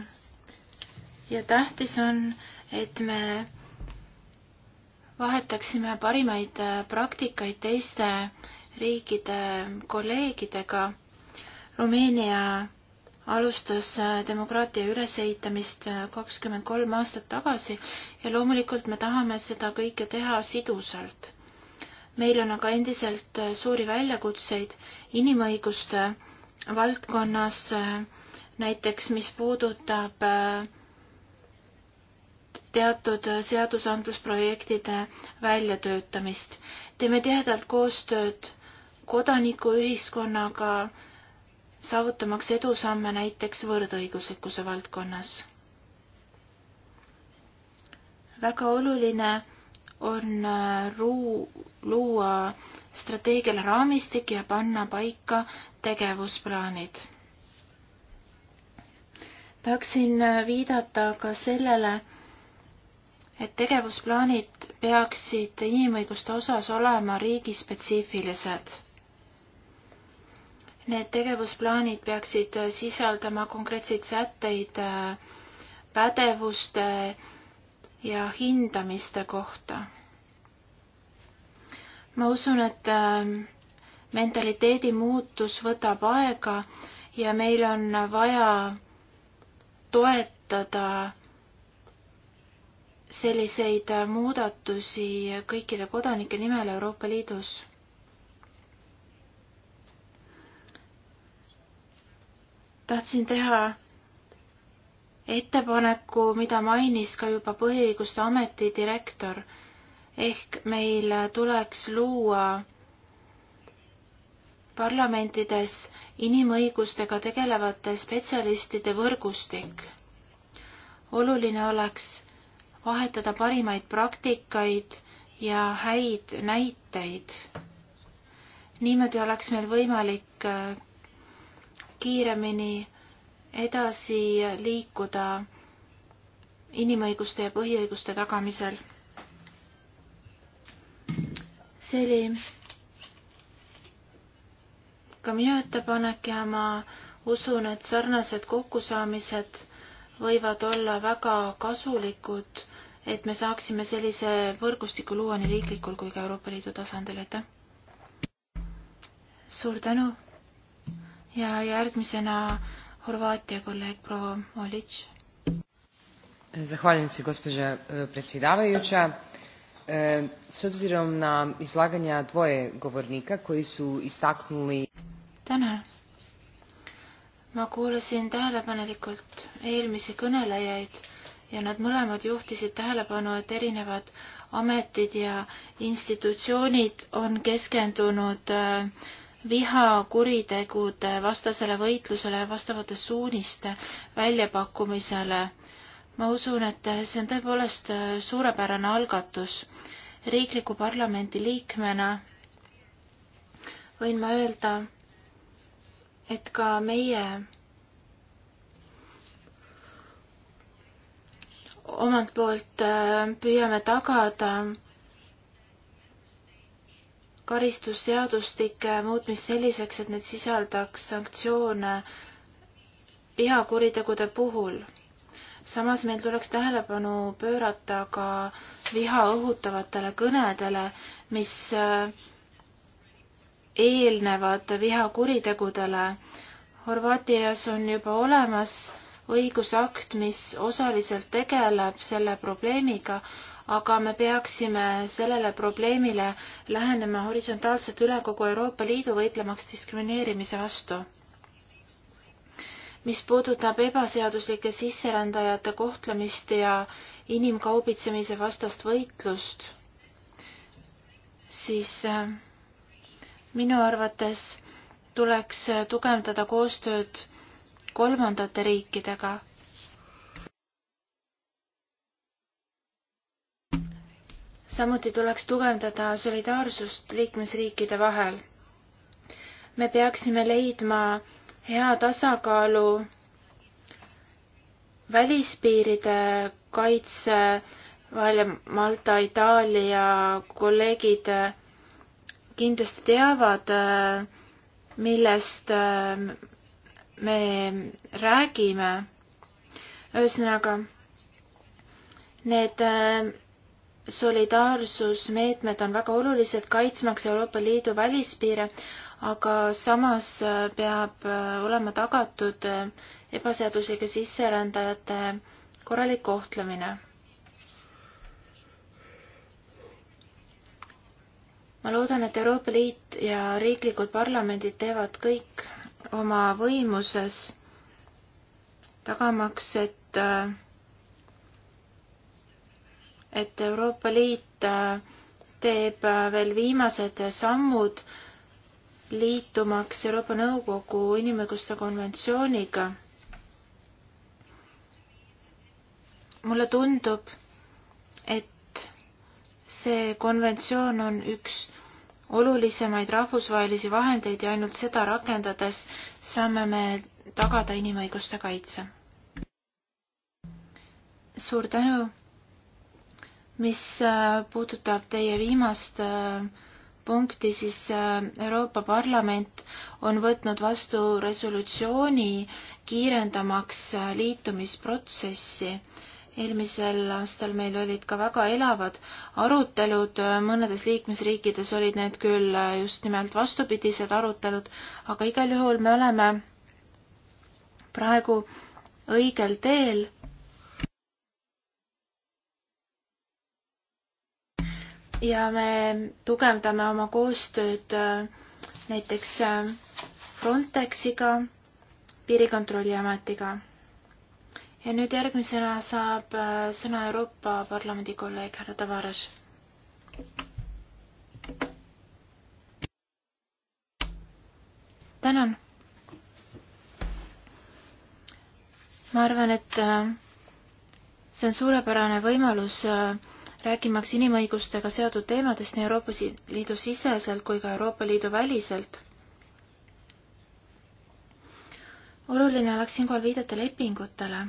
ja tähtis on, et me vahetaksime parimaid äh, praktikaid teiste riikide kolleegidega. Rumeenia alustas äh, demokraatia ülesehitamist äh, kakskümmend kolm aastat tagasi ja loomulikult me tahame seda kõike teha sidusalt. meil on aga endiselt äh, suuri väljakutseid inimõiguste valdkonnas, näiteks mis puudutab teatud seadusandlusprojektide väljatöötamist. teeme tihedalt koostööd kodanikuühiskonnaga, saavutamaks edusamme näiteks võrdõiguslikkuse valdkonnas. väga oluline on äh, ruu-, luua strateegiale raamistik ja panna paika tegevusplaanid. tahaksin äh, viidata ka sellele, et tegevusplaanid peaksid inimõiguste osas olema riigispetsiifilised Need tegevusplaanid peaksid äh, sisaldama konkreetseid sätteid äh, pädevuste ja hindamiste kohta. ma usun, et äh, mentaliteedi muutus võtab aega ja meil on vaja toetada selliseid muudatusi kõikide kodanike nimel Euroopa Liidus tahtsin teha ettepaneku, mida mainis ka juba Põhiõiguste Ameti direktor, ehk meil tuleks luua parlamentides inimõigustega tegelevate spetsialistide võrgustik. oluline oleks vahetada parimaid praktikaid ja häid näiteid. niimoodi oleks meil võimalik kiiremini edasi liikuda inimõiguste ja põhiõiguste tagamisel. see oli ka minu ettepanek ja ma usun, et sarnased kokkusaamised võivad olla väga kasulikud, et me saaksime sellise võrgustiku luua nii riiklikul kui ka Euroopa Liidu tasandil, aitäh! suur tänu! ja järgmisena Horvaatia kolleeg proua Olic. Zahvaljujem se gospođa e, predsjedavajuća. E, s obzirom na izlaganja dvoje govornika koji su istaknuli... Tänan. Ma kuulasin tähelepanelikult eelmisi kõnelejaid ja nad mõlemad juhtisid tähelepanu, et erinevad ametid ja institutsioonid on keskendunud äh, vihakuritegude vastasele võitlusele vastavate suuniste väljapakkumisele. ma usun, et see on tõepoolest suurepärane algatus. riikliku parlamendi liikmena võin ma öelda, et ka meie omalt poolt äh, püüame tagada karistusseadustike muutmist selliseks, et need sisaldaks sanktsioone vihakuritegude puhul. samas meil tuleks tähelepanu pöörata ka viha õhutavatele kõnedele, mis äh, eelnevad vihakuritegudele. Horvaatias on juba olemas õigusakt, mis osaliselt tegeleb selle probleemiga, aga me peaksime sellele probleemile lähenema horisontaalselt üle kogu Euroopa Liidu võitlemaks diskrimineerimise vastu. mis puudutab ebaseaduslike sisserändajate kohtlemist ja inimkaubitsemise vastast võitlust, siis äh, minu arvates tuleks tugevdada koostööd kolmandate riikidega samuti tuleks tugevdada solidaarsust liikmesriikide vahel. me peaksime leidma hea tasakaalu välispiiride kaitse vahel ja Malta, Itaalia kolleegid kindlasti teavad, millest me räägime. ühesõnaga, need solidaarsusmeetmed on väga olulised, kaitsmaks Euroopa Liidu välispiire, aga samas äh, peab äh, olema tagatud äh, ebaseaduslike sisserändajate korralik kohtlemine. ma loodan, et Euroopa Liit ja riiklikud parlamendid teevad kõik oma võimuses, tagamaks, et äh, et Euroopa Liit äh, teeb äh, veel viimased sammud liitumaks Euroopa Nõukogu inimõiguste konventsiooniga. mulle tundub, et see konventsioon on üks olulisemaid rahvusvahelisi vahendeid ja ainult seda rakendades saame me tagada inimõiguste kaitse. suur tänu mis äh, puudutab teie viimast äh, punkti, siis äh, Euroopa Parlament on võtnud vastu resolutsiooni kiirendamaks liitumisprotsessi. eelmisel aastal meil olid ka väga elavad arutelud, mõnedes liikmesriikides olid need küll just nimelt vastupidised arutelud, aga igal juhul me oleme praegu õigel teel ja me tugevdame oma koostööd äh, näiteks äh, Frontexiga, Piirikontrolliametiga. ja nüüd järgmisena saab äh, sõna Euroopa Parlamendi kolleeg härra Tavares. tänan. ma arvan, et see on suurepärane võimalus äh, rääkimaks inimõigustega seotud teemadest nii Euroopa Liidu siseselt kui ka Euroopa Liidu väliselt. oluline oleks siinkohal viidata lepingutele.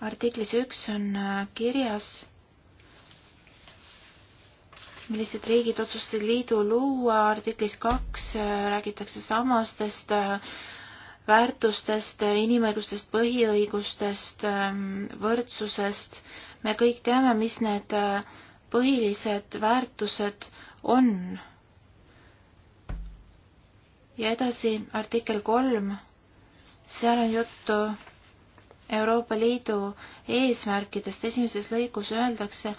artiklis üks on äh, kirjas, millised riigid otsustasid liidu luua, artiklis kaks äh, räägitakse samastest äh, väärtustest, inimõigustest, põhiõigustest, ähm, võrdsusest me kõik teame, mis need äh, põhilised väärtused on. ja edasi artikkel kolm, seal on juttu Euroopa Liidu eesmärkidest, esimeses lõigus öeldakse,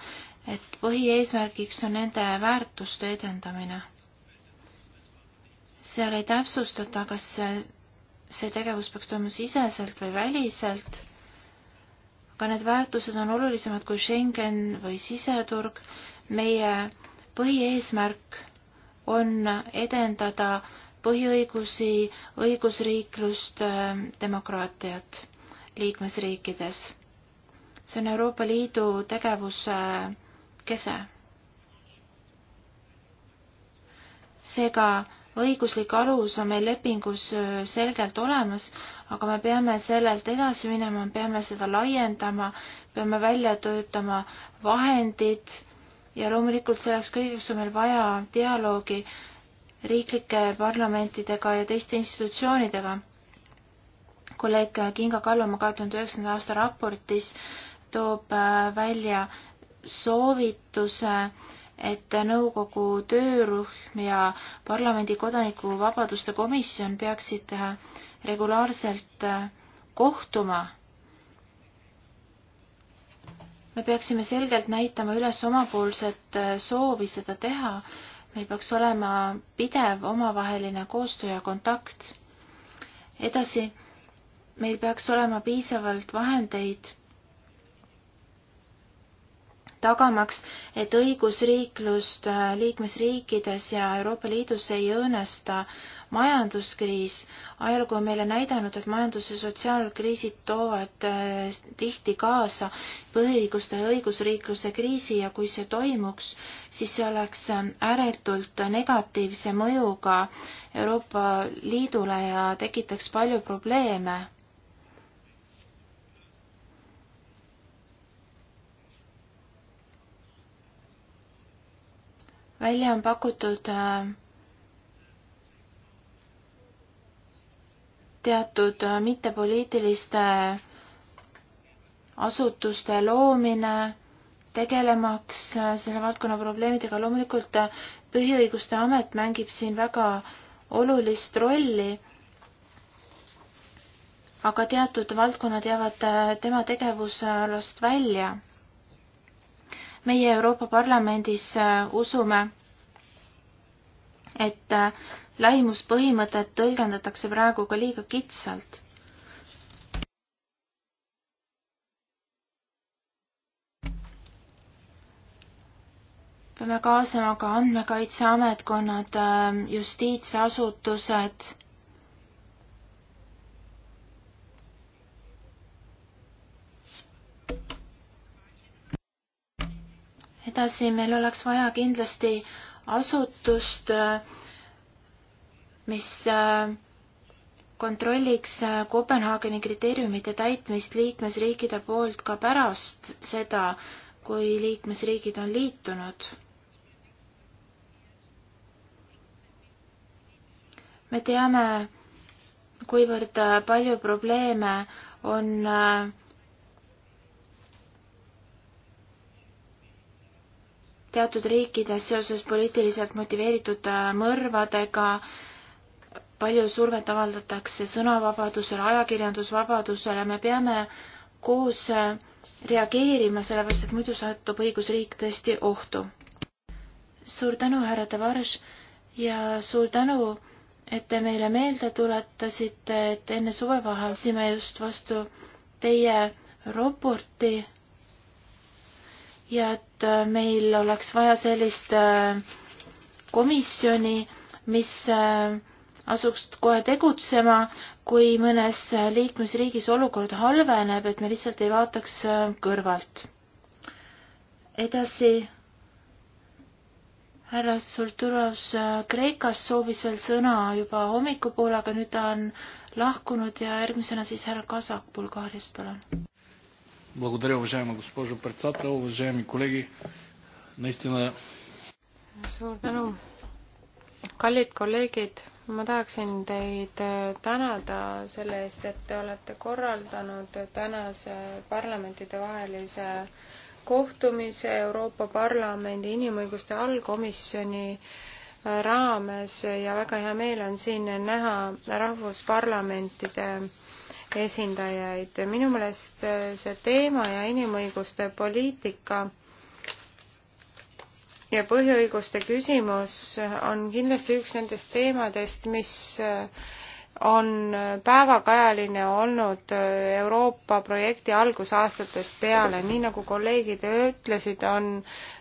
et põhieesmärgiks on nende väärtuste edendamine. seal ei täpsustata, kas see tegevus peaks toimuma siseselt või väliselt aga need väärtused on olulisemad kui Schengen või siseturg. meie põhieesmärk on edendada põhiõigusi, õigusriiklust, ähm, demokraatiat liikmesriikides. see on Euroopa Liidu tegevuse äh, kese. seega õiguslik alus on meil lepingus äh, selgelt olemas, aga me peame sellelt edasi minema, peame seda laiendama, peame välja töötama vahendid ja loomulikult selleks kõigeks on meil vaja dialoogi riiklike parlamentidega ja teiste institutsioonidega. kolleeg Kinga Kallo oma kahe tuhande üheksanda aasta raportis toob äh, välja soovituse et nõukogu töörühm ja parlamendi kodanikuvabaduste komisjon peaksid äh, regulaarselt äh, kohtuma. me peaksime selgelt näitama üles omapoolset äh, soovi seda teha. meil peaks olema pidev omavaheline koostöö ja kontakt. edasi, meil peaks olema piisavalt vahendeid tagamaks, et õigusriiklust äh, liikmesriikides ja Euroopa Liidus ei õõnesta majanduskriis. ajalugu on meile näidanud, et majandus- ja sotsiaalkriisid toovad äh, tihti kaasa põhiõiguste ja õigusriikluse kriisi ja kui see toimuks, siis see oleks äh, ääretult negatiivse mõjuga Euroopa Liidule ja tekitaks palju probleeme välja on pakutud äh, teatud äh, mittepoliitiliste äh, asutuste loomine, tegelemaks selle valdkonna probleemidega. loomulikult Põhiõiguste Amet mängib siin väga olulist rolli, aga teatud valdkonnad jäävad tema tegevusalast välja meie Euroopa Parlamendis äh, usume, et äh, lähimuspõhimõtet tõlgendatakse praegu ka liiga kitsalt. peame kaasama ka andmekaitseametkonnad, äh, justiitsasutused edasi, meil oleks vaja kindlasti asutust, mis äh, kontrolliks äh, Kopenhaageni kriteeriumite täitmist liikmesriikide poolt ka pärast seda, kui liikmesriigid on liitunud. me teame, kuivõrd äh, palju probleeme on äh, teatud riikides seoses poliitiliselt motiveeritud äh, mõrvadega palju survet avaldatakse sõnavabadusele, ajakirjandusvabadusele, me peame koos äh, reageerima, sellepärast et muidu satub õigusriik tõesti ohtu. suur tänu, härra Tavares ja suur tänu, et te meile meelde tuletasite, et enne suvevaheasime just vastu teie raporti ja et äh, meil oleks vaja sellist äh, komisjoni, mis äh, asuks kohe tegutsema, kui mõnes liikmesriigis olukord halveneb, et me lihtsalt ei vaataks kõrvalt. edasi, härra Sulturovs Kreekas soovis veel sõna juba hommikupoole, aga nüüd ta on lahkunud ja järgmisena siis härra Kasak Bulgaariast, palun Благодаря, уважаема госпожо председател. Уважаеми колеги, наистина... Suur tänu. Kallid kolleegid, ma tahaksin teid tänada selle eest, et te olete korraldanud tänase parlamentide vahelise kohtumise Euroopa Parlamendi inimõiguste allkomisjoni raames ja väga hea meel on siin näha rahvusparlamentide esindajaid. minu meelest see teema ja inimõiguste poliitika ja põhiõiguste küsimus on kindlasti üks nendest teemadest, mis on päevakajaline olnud Euroopa projekti algusaastatest peale, nii nagu kolleegid ütlesid, on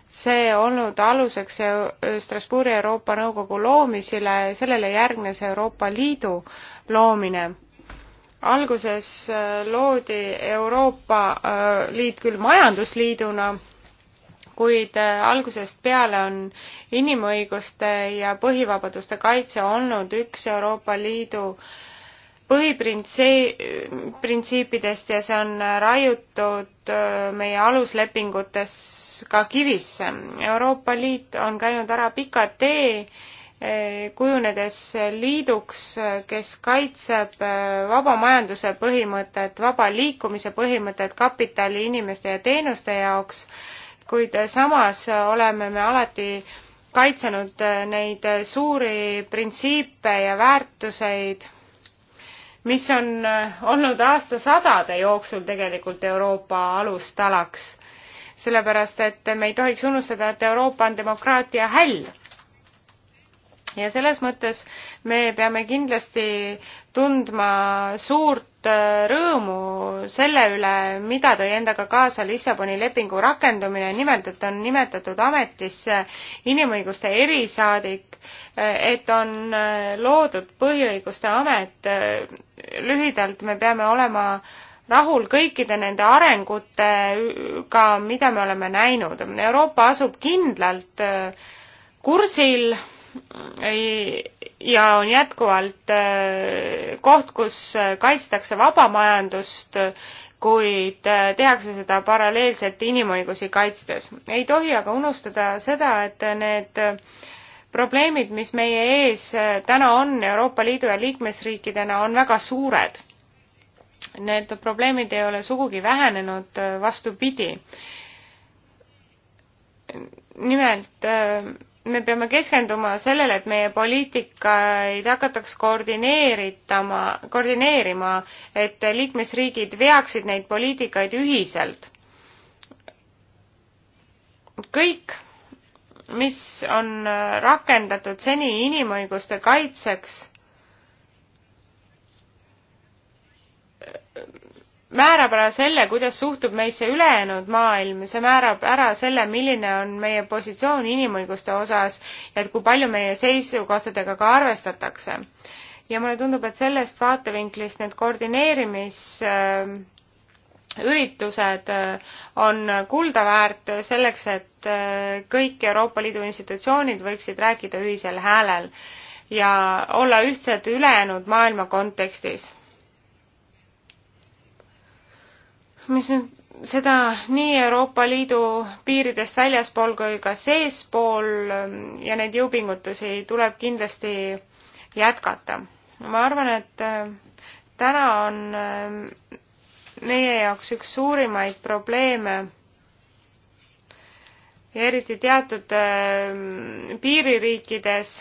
see olnud aluseks e-, Strasbourgi Euroopa Nõukogu loomisele, sellele järgnes Euroopa Liidu loomine alguses äh, loodi Euroopa äh, Liit küll majandusliiduna, kuid äh, algusest peale on inimõiguste ja põhivabaduste kaitse olnud üks Euroopa Liidu põhiprintsiipidest ja see on raiutud meie aluslepingutes ka kivisse. Euroopa Liit on käinud ära pika tee kujunedes liiduks, kes kaitseb äh, vaba majanduse põhimõtet, vaba liikumise põhimõtet kapitali, inimeste ja teenuste jaoks, kuid samas oleme me alati kaitsenud äh, neid suuri printsiipe ja väärtuseid, mis on äh, olnud aastasadade jooksul tegelikult Euroopa alustalaks. sellepärast, et me ei tohiks unustada, et Euroopa on demokraatia häll ja selles mõttes me peame kindlasti tundma suurt äh, rõõmu selle üle, mida tõi endaga kaasa Lissaboni lepingu rakendumine, nimelt et on nimetatud ametisse inimõiguste erisaadik, äh, et on äh, loodud põhiõiguste amet, lühidalt me peame olema rahul kõikide nende arengutega, mida me oleme näinud. Euroopa asub kindlalt kursil ja on jätkuvalt äh, koht, kus äh, kaitstakse vaba majandust, kuid äh, tehakse seda paralleelselt inimõigusi kaitstes. ei tohi aga unustada seda, et need probleemid, mis meie ees täna on Euroopa Liidu ja liikmesriikidena, on väga suured. Need probleemid ei ole sugugi vähenenud, vastupidi. nimelt me peame keskenduma sellele, et meie poliitikaid hakataks koordineeritama, koordineerima, et liikmesriigid veaksid neid poliitikaid ühiselt. kõik, mis on rakendatud seni inimõiguste kaitseks, määrab ära selle, kuidas suhtub meisse ülejäänud maailm, see määrab ära selle, milline on meie positsioon inimõiguste osas ja et kui palju meie seisukohtadega ka arvestatakse. ja mulle tundub, et sellest vaatevinklist need koordineerimisüritused äh, on kulda väärt selleks, et äh, kõik Euroopa Liidu institutsioonid võiksid rääkida ühisel häälel ja olla ühtsed ülejäänud maailma kontekstis mis nüüd seda nii Euroopa Liidu piiridest väljaspool kui ka seespool ähm, ja neid jõupingutusi tuleb kindlasti jätkata. ma arvan, et äh, täna on ähm, meie jaoks üks suurimaid probleeme ja eriti teatud ähm, piiririikides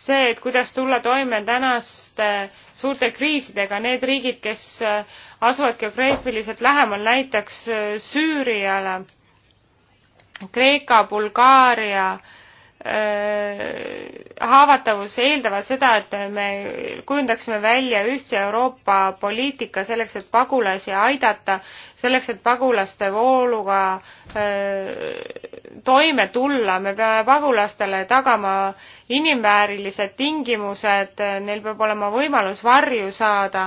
see, et kuidas tulla toime tänaste suurte kriisidega, need riigid, kes asuvad geograafiliselt lähemal, näiteks Süüriale, Kreeka, Bulgaaria äh,, Äh, haavatavus eeldavad seda, et me kujundaksime välja ühtse Euroopa poliitika selleks, et pagulasi aidata, selleks, et pagulaste vooluga äh, toime tulla, me peame pagulastele tagama inimväärilised tingimused, neil peab olema võimalus varju saada,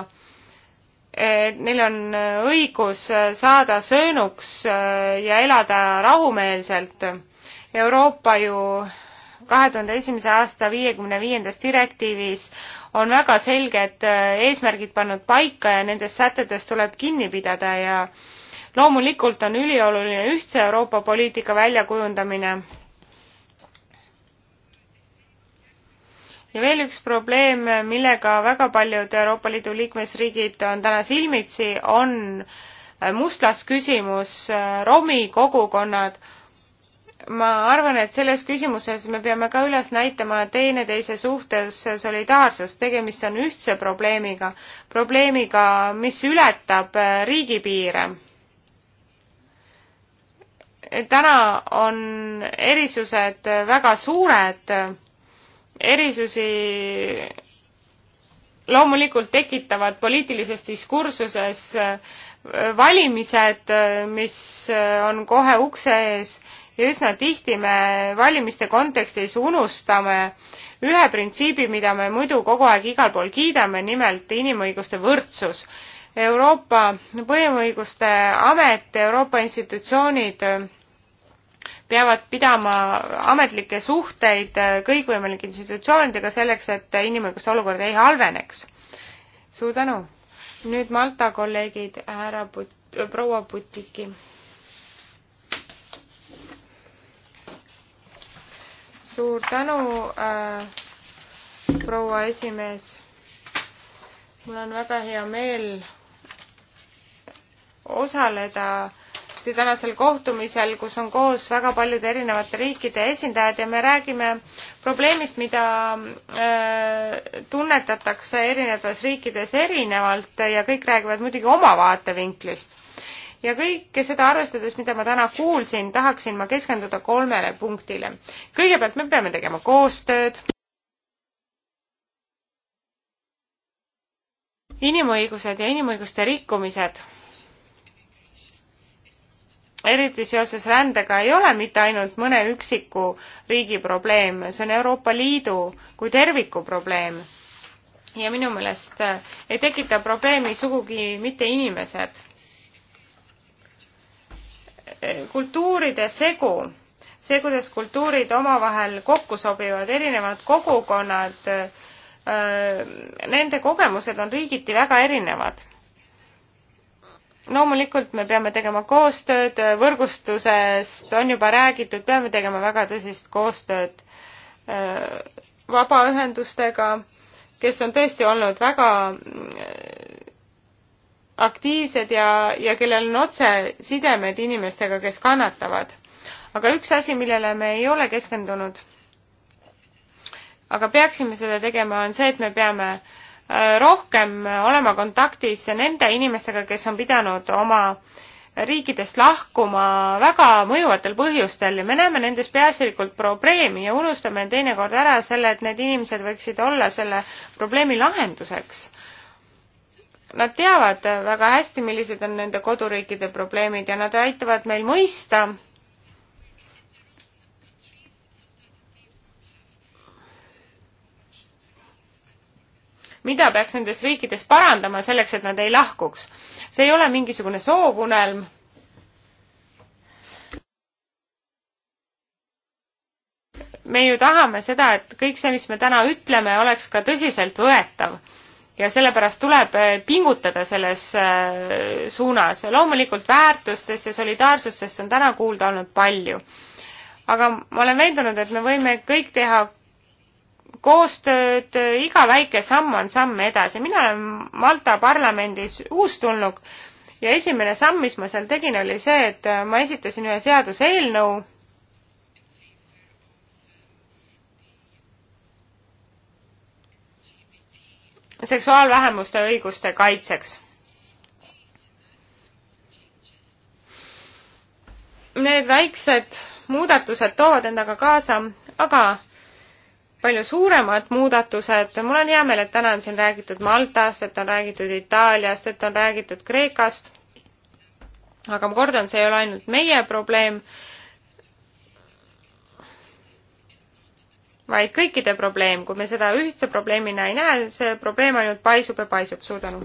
et äh, neil on õigus saada söönuks ja elada rahumeelselt Euroopa ju kahe tuhande esimese aasta viiekümne viiendas direktiivis on väga selged äh, eesmärgid pannud paika ja nendest sätetest tuleb kinni pidada ja loomulikult on ülioluline ühtse Euroopa poliitika väljakujundamine. ja veel üks probleem, millega väga paljud Euroopa Liidu liikmesriigid on täna silmitsi, on äh, mustlasküsimus, äh, romi kogukonnad ma arvan, et selles küsimuses me peame ka üles näitama teineteise suhtes solidaarsust, tegemist on ühtse probleemiga, probleemiga, mis ületab äh, riigipiire. täna on erisused väga suured, erisusi loomulikult tekitavad poliitilises diskursuses äh, valimised, äh, mis on kohe ukse ees ja üsna tihti me valimiste kontekstis unustame ühe printsiibi, mida me muidu kogu aeg igal pool kiidame, nimelt inimõiguste võrdsus. Euroopa Põhiõiguste Amet, Euroopa institutsioonid peavad pidama ametlikke suhteid kõikvõimalike institutsioonidega selleks, et inimõiguste olukord ei halveneks. suur tänu! nüüd Malta kolleegid, härra Put-, proua Putiki suur tänu äh,, proua esimees. mul on väga hea meel osaleda tänasel kohtumisel, kus on koos väga paljude erinevate riikide esindajad ja me räägime probleemist, mida äh, tunnetatakse erinevates riikides erinevalt ja kõik räägivad muidugi oma vaatevinklist ja kõike seda arvestades, mida ma täna kuulsin, tahaksin ma keskenduda kolmele punktile. kõigepealt me peame tegema koostööd. inimõigused ja inimõiguste rikkumised, eriti seoses rändega, ei ole mitte ainult mõne üksiku riigi probleem, see on Euroopa Liidu kui terviku probleem ja minu meelest äh, ei tekita probleemi sugugi mitte inimesed kultuuride segu, see, kuidas kultuurid omavahel kokku sobivad, erinevad kogukonnad, äh, nende kogemused on riigiti väga erinevad. loomulikult me peame tegema koostööd, võrgustusest on juba räägitud, peame tegema väga tõsist koostööd äh, vabaühendustega, kes on tõesti olnud väga aktiivsed ja, ja kellel on otsesidemed inimestega, kes kannatavad. aga üks asi, millele me ei ole keskendunud, aga peaksime seda tegema, on see, et me peame äh, rohkem olema kontaktis nende inimestega, kes on pidanud oma riikidest lahkuma väga mõjuvatel põhjustel ja me näeme nendes peaasjalikult probleemi ja unustame teinekord ära selle, et need inimesed võiksid olla selle probleemi lahenduseks Nad teavad väga hästi, millised on nende koduriikide probleemid ja nad aitavad meil mõista, mida peaks nendes riikides parandama selleks, et nad ei lahkuks. see ei ole mingisugune soovunelm. me ju tahame seda, et kõik see, mis me täna ütleme, oleks ka tõsiselt võetav ja sellepärast tuleb äh, pingutada selles äh, suunas. loomulikult väärtustest ja solidaarsustest on täna kuulda olnud palju. aga ma olen veendunud, et me võime kõik teha koostööd, iga väike samm on samm edasi. mina olen Malta parlamendis uustulnuk ja esimene samm, mis ma seal tegin, oli see, et ma esitasin ühe seaduseelnõu seksuaalvähemuste õiguste kaitseks. Need väiksed muudatused toovad endaga kaasa aga palju suuremad muudatused, mul on hea meel, et täna on siin räägitud Maltast, et on räägitud Itaaliast, et on räägitud Kreekast, aga ma kordan, see ei ole ainult meie probleem, vaid kõikide probleem. kui me seda ühtse probleemina ei näe, see probleem ainult paisub ja paisub. suur tänu!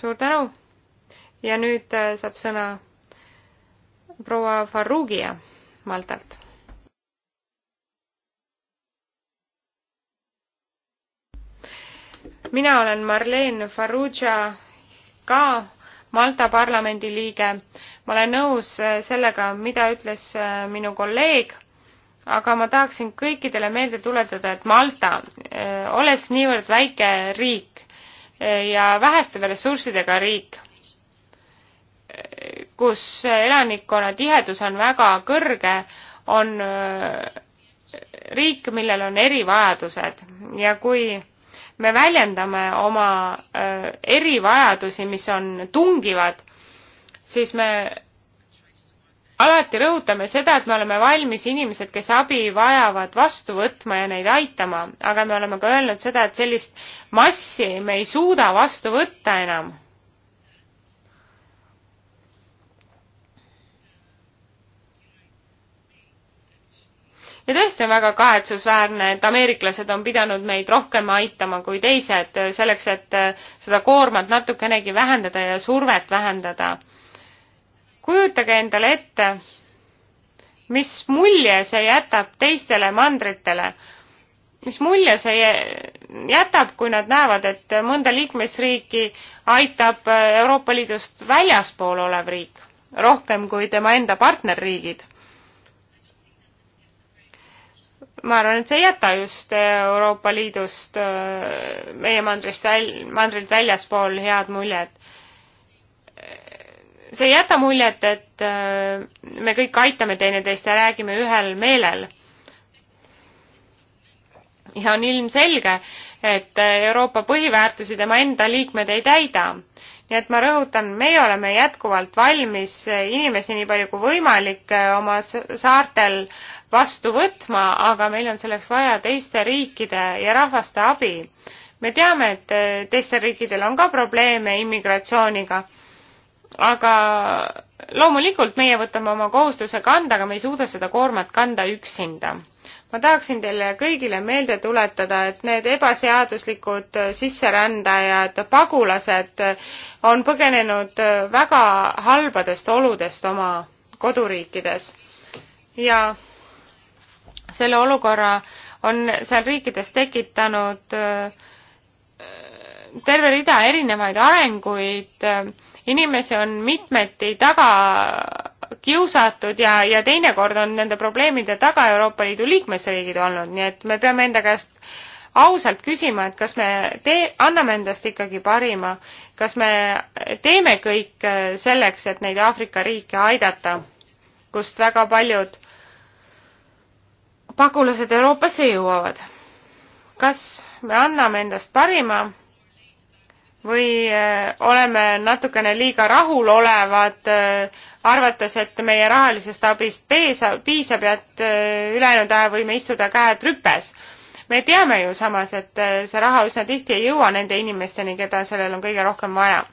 suur tänu! ja nüüd äh, saab sõna proua Farrugia Maltalt. mina olen Marleen Farrugia ka Malta parlamendi liige. ma olen nõus äh, sellega, mida ütles äh, minu kolleeg aga ma tahaksin kõikidele meelde tuletada, et Malta, eh, olles niivõrd väike riik eh, ja väheste ressurssidega riik, eh, kus elanikkonna tihedus on väga kõrge, on riik, millel on erivajadused ja kui me väljendame oma erivajadusi, mis on tungivad, siis me alati rõhutame seda, et me oleme valmis inimesed, kes abi vajavad, vastu võtma ja neid aitama, aga me oleme ka öelnud seda, et sellist massi me ei suuda vastu võtta enam. ja tõesti on väga kahetsusväärne, et ameeriklased on pidanud meid rohkem aitama kui teised selleks, et seda koormat natukenegi vähendada ja survet vähendada kujutage endale ette, mis mulje see jätab teistele mandritele, mis mulje see jätab, kui nad näevad, et mõnda liikmesriiki aitab Euroopa Liidust väljaspool olev riik rohkem kui tema enda partnerriigid ma arvan, et see ei jäta just Euroopa Liidust äh, meie mandrist väl-, mandrilt väljaspool head muljet see ei jäta muljet, et äh, me kõik aitame teineteist ja räägime ühel meelel. ja on ilmselge, et äh, Euroopa põhiväärtusi tema enda liikmed ei täida. nii et ma rõhutan, meie oleme jätkuvalt valmis äh, inimesi nii palju kui võimalik oma saartel vastu võtma, aga meil on selleks vaja teiste riikide ja rahvaste abi. me teame, et teistel riikidel on ka probleeme immigratsiooniga aga loomulikult meie võtame oma kohustuse kanda, aga me ei suuda seda koormat kanda üksinda. ma tahaksin teile kõigile meelde tuletada, et need ebaseaduslikud sisserändajad, pagulased on põgenenud väga halbadest oludest oma koduriikides ja selle olukorra on seal riikides tekitanud äh, terve rida erinevaid arenguid äh, inimesi on mitmeti taga kiusatud ja, ja teinekord on nende probleemide taga Euroopa Liidu liikmesriigid olnud, nii et me peame enda käest ausalt küsima, et kas me tee-, anname endast ikkagi parima, kas me teeme kõik äh, selleks, et neid Aafrika riike aidata, kust väga paljud pagulased Euroopasse jõuavad. kas me anname endast parima või äh, oleme natukene liiga rahulolevad, äh, arvates, et meie rahalisest abist piisab, piisab ja et äh, ülejäänud aja võime istuda käed rüpes. me teame ju samas, et see raha üsna tihti ei jõua nende inimesteni, keda sellel on kõige rohkem vaja.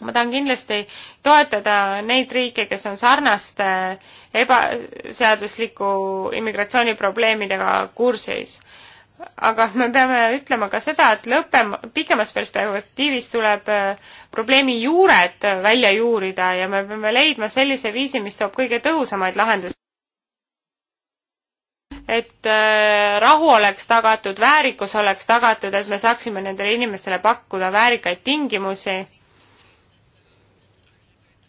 ma tahan kindlasti toetada neid riike, kes on sarnaste ebaseadusliku immigratsiooniprobleemidega kursis aga me peame ütlema ka seda, et lõppem-, pikemas perspektiivis tuleb äh, probleemi juured välja juurida ja me peame leidma sellise viisi, mis toob kõige tõhusamaid lahendusi. et äh, rahu oleks tagatud, väärikus oleks tagatud, et me saaksime nendele inimestele pakkuda väärikaid tingimusi.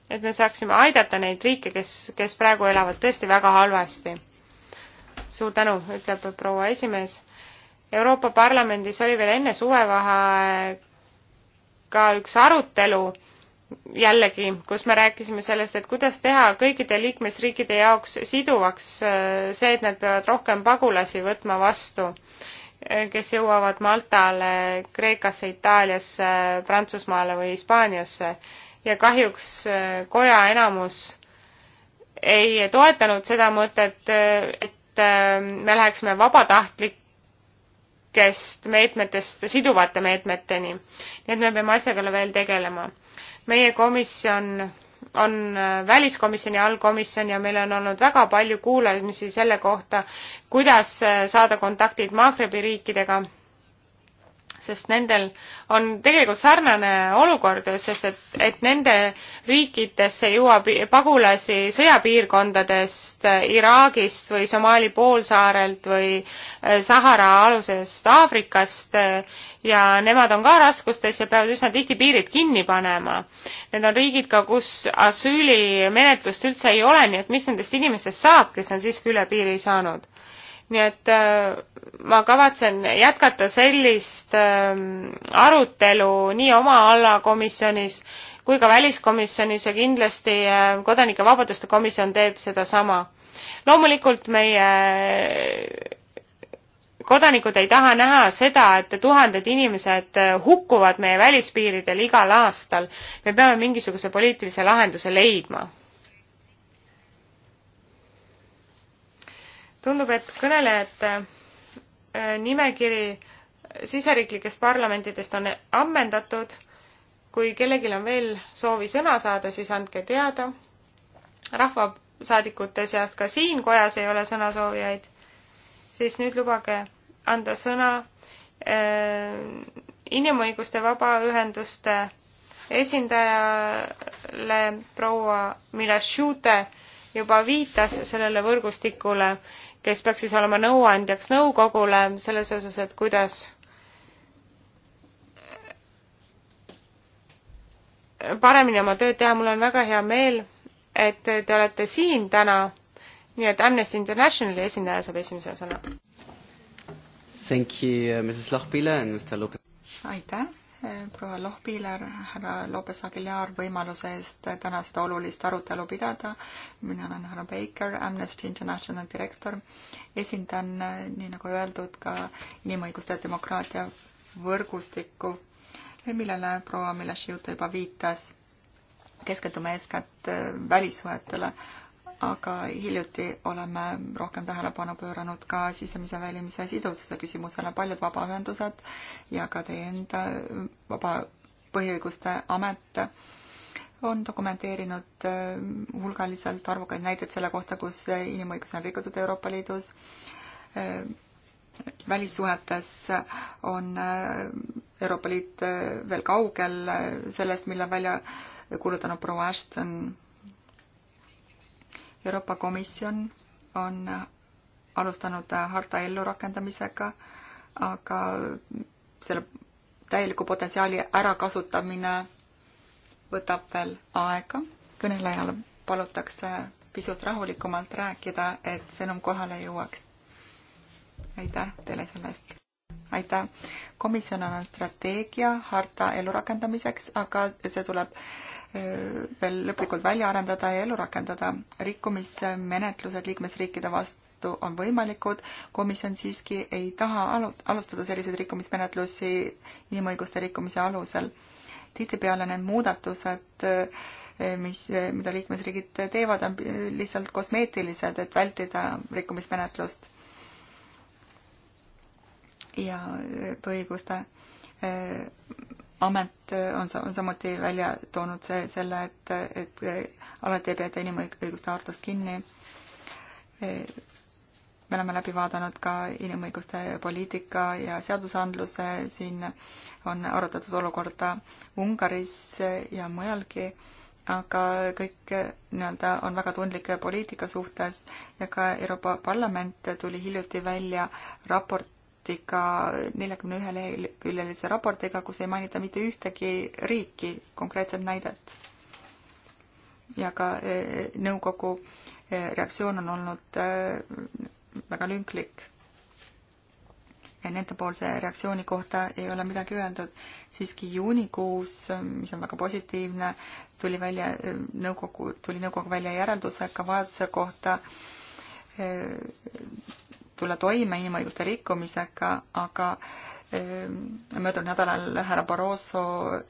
et me saaksime aidata neid riike, kes, kes praegu elavad tõesti väga halvasti. suur tänu, ütleb proua esimees Euroopa Parlamendis oli veel enne suvevaheaega üks arutelu jällegi, kus me rääkisime sellest, et kuidas teha kõikide liikmesriikide jaoks siduvaks äh, see, et nad peavad rohkem pagulasi võtma vastu, äh, kes jõuavad Maltale, Kreekasse, Itaaliasse, Prantsusmaale või Hispaaniasse. ja kahjuks äh, koja enamus ei toetanud seda mõtet, et me läheksime vabatahtlik kest meetmetest siduvate meetmeteni. nii et me peame asjaga veel tegelema. meie komisjon on äh, väliskomisjoni allkomisjon ja meil on olnud väga palju kuulamisi selle kohta, kuidas äh, saada kontaktid Maagrebi riikidega sest nendel on tegelikult sarnane olukord, sest et, et nende riikidesse jõuab pagulasi sõjapiirkondadest, Iraagist või Somaali poolsaarelt või äh, Sahara alusest Aafrikast äh, ja nemad on ka raskustes ja peavad üsna tihti piirid kinni panema. Need on riigid ka, kus asüülimenetlust üldse ei ole, nii et mis nendest inimestest saab, kes on siiski üle piiri saanud? nii et äh, ma kavatsen jätkata sellist ähm, arutelu nii oma allakomisjonis kui ka väliskomisjonis ja kindlasti äh, kodanike vabaduste komisjon teeb sedasama. loomulikult meie äh, kodanikud ei taha näha seda, et tuhanded inimesed hukkuvad meie välispiiridel igal aastal. me peame mingisuguse poliitilise lahenduse leidma tundub, et kõnelejate äh, nimekiri siseriiklikest parlamentidest on ammendatud. kui kellelgi on veel soovi sõna saada, siis andke teada. rahvasaadikute seast ka siin kojas ei ole sõnasoovijaid, siis nüüd lubage anda sõna äh, inimõiguste vabaühenduste esindajale proua Milašute juba viitas sellele võrgustikule kes peaks siis olema nõuandjaks nõukogule selles osas, et kuidas paremini oma tööd teha, mul on väga hea meel, et te olete siin täna, nii et Amnesty Internationali esindaja saab esimese sõna. aitäh, proua Lohpiiler, härra Lopes Aguilar võimaluse eest täna seda olulist arutelu pidada. mina olen härra Baker, Amnesty International direktor. esindan, nii nagu öeldud, ka inimõiguste ja demokraatia võrgustikku, millele proua Milešiuta juba viitas. keskendume eeskätt välissuhetele aga hiljuti oleme rohkem tähelepanu pööranud ka sisemise välimise sidususe küsimusele. paljud vabaühendused ja ka teie enda äh, vaba põhiõiguste amet on dokumenteerinud äh, hulgaliselt arvukaid näiteid selle kohta, kus inimõigusi on rikutud Euroopa Liidus. Äh, välissuhetes on Euroopa Liit veel kaugel sellest, mille on välja kuulutanud proua Ashton Euroopa Komisjon on alustanud harta ellurakendamisega, aga selle täieliku potentsiaali ärakasutamine võtab veel aega. kõnelejal palutakse pisut rahulikumalt rääkida, et sõnum kohale jõuaks. aitäh teile selle eest. aitäh. komisjon on strateegia harta ellurakendamiseks, aga see tuleb äh, veel lõplikult välja arendada ja ellu rakendada. rikkumismenetlused liikmesriikide vastu on võimalikud. komisjon siiski ei taha alustada selliseid rikkumismenetlusi inimõiguste rikkumise alusel. tihtipeale need muudatused, eh, mis, eh, mida liikmesriigid teevad, on lihtsalt kosmeetilised, et vältida rikkumismenetlust ja eh, põhiõiguste amet äh, on, on samuti välja toonud see, selle, et, et alati ei peeta inimõiguste hartast kinni. Äh, me oleme läbi vaadanud ka inimõiguste poliitika ja seadusandluse, siin on arutatud olukorda Ungaris ja mujalgi, aga kõik äh, nii-öelda on väga tundlike poliitika suhtes ja ka Euroopa Parlament tuli hiljuti välja raport raportiga, neljakümne ühe leheküljelise raportiga, kus ei mainita mitte ühtegi riiki, konkreetset näidet. ja ka e, e, nõukogu e, reaktsioon on olnud väga lünklik. Nendepoolse reaktsiooni kohta ei ole midagi öeldud. siiski juunikuus, mis on väga positiivne, tuli välja nõukogu, tuli nõukogu välja järeldusega vajaduse kohta tulla toime inimõiguste rikkumisega, aga ehm, möödunud nädalal härra Barroso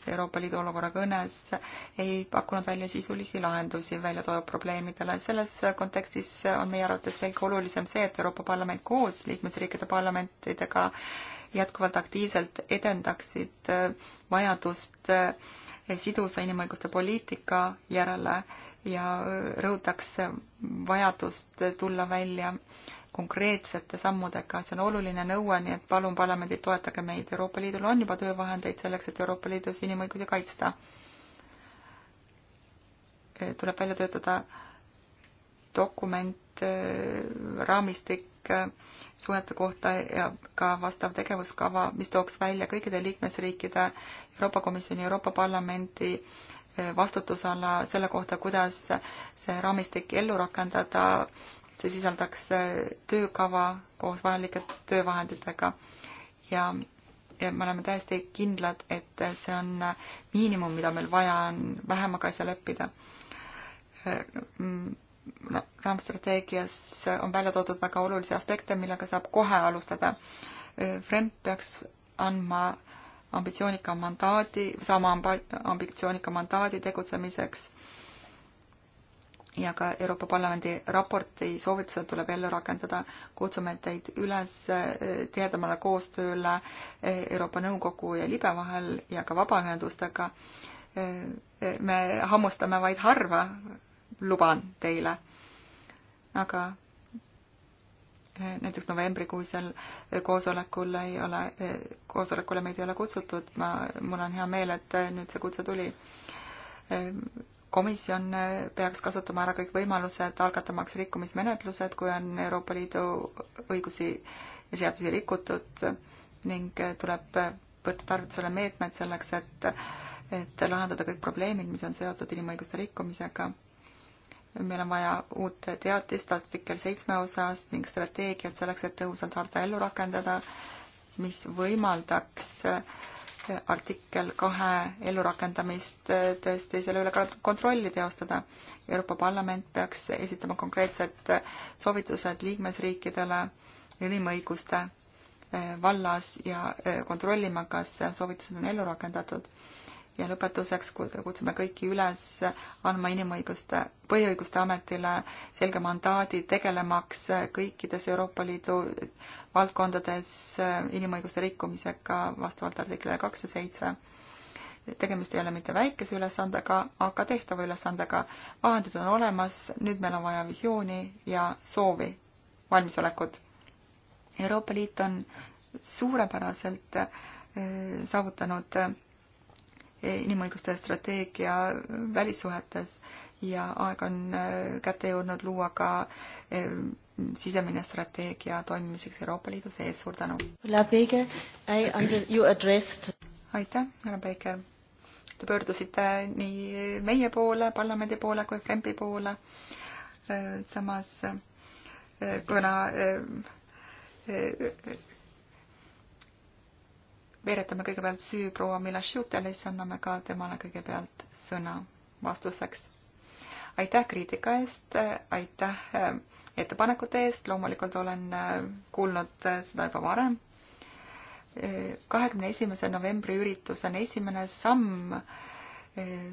Euroopa Liidu olukorra kõnes ei pakkunud välja sisulisi lahendusi välja toodud probleemidele. selles kontekstis on meie arvates veelgi olulisem see, et Euroopa Parlament koos liikmesriikide parlamentidega jätkuvalt aktiivselt edendaksid eh, vajadust eh, sidusa inimõiguste poliitika järele ja eh, rõhutaks vajadust tulla välja äh, konkreetsete sammudega, see on oluline nõue, nii et palun parlamendid, toetage meid, Euroopa Liidul on juba töövahendeid selleks, et Euroopa Liidus inimõigusi kaitsta. tuleb välja töötada dokument, raamistik suhete kohta ja ka vastav tegevuskava, mis tooks välja kõikide liikmesriikide, Euroopa Komisjoni, Euroopa Parlamendi vastutusala selle kohta, kuidas see raamistik ellu rakendada see sisaldaks äh, töökava koos vajalike töövahenditega ja, ja me oleme täiesti kindlad, et see on äh, miinimum, mida meil vaja on, vähemaga ei saa leppida. Äh, raamstrateegias on välja toodud väga olulisi aspekte, millega saab kohe alustada. Fremp peaks andma ambitsioonika mandaadi, saama ambitsioonika mandaadi tegutsemiseks ja ka Euroopa Parlamendi raporti soovitused tuleb ellu rakendada. kutsume teid üles eh, tihedamale koostööle eh, Euroopa Nõukogu ja libe vahel ja ka vabaühendustega. Eh, me hammustame vaid harva, luban teile. aga näiteks novembrikuisel koosolekul ei ole, koosolekule meid ei ole kutsutud, ma, mul on hea meel, et nüüd see kutse tuli komisjon äh, peaks kasutama ära kõik võimalused, algatamaks rikkumismenetlused, kui on Euroopa Liidu õigusi ja seadusi rikutud ning äh, tuleb äh, võtta tarvitusele meetmed selleks, et, et lahendada kõik probleemid, mis on seotud inimõiguste rikkumisega. meil on vaja uut teatist artikkel seitsme osas ning strateegiat selleks, et tõhusalt harta ellu rakendada, mis võimaldaks äh, artikkel kahe ellurakendamist tõesti selle üle ka kontrolli teostada. Euroopa Parlament peaks esitama konkreetsed soovitused liikmesriikidele inimõiguste vallas ja kontrollima, kas soovitused on ellu rakendatud ja lõpetuseks kutsume kõiki üles andma inimõiguste, põhiõiguste ametile selge mandaadi tegelemaks kõikides Euroopa Liidu valdkondades inimõiguste rikkumisega vastavalt artiklile kaks ja seitse tegemist ei ole mitte väikese ülesandega, aga tehtava ülesandega. vahendid on olemas, nüüd meil on vaja visiooni ja soovi, valmisolekut. Euroopa Liit on suurepäraselt eh, saavutanud eh, inimõiguste strateegia välissuhetes ja aeg on äh, kätte jõudnud luua ka äh, sisemine strateegia toimimiseks Euroopa Liidu sees. suur tänu! aitäh, härra Baker! Te pöördusite nii meie poole, parlamendi poole kui Frempi poole. Äh, samas kuna veeretame kõigepealt süü proua Milašutele, siis anname ka temale kõigepealt sõna vastuseks. aitäh kriitika eest, aitäh eh, ettepanekute eest, loomulikult olen eh, kuulnud eh, seda juba varem. kahekümne esimese novembri üritus on esimene samm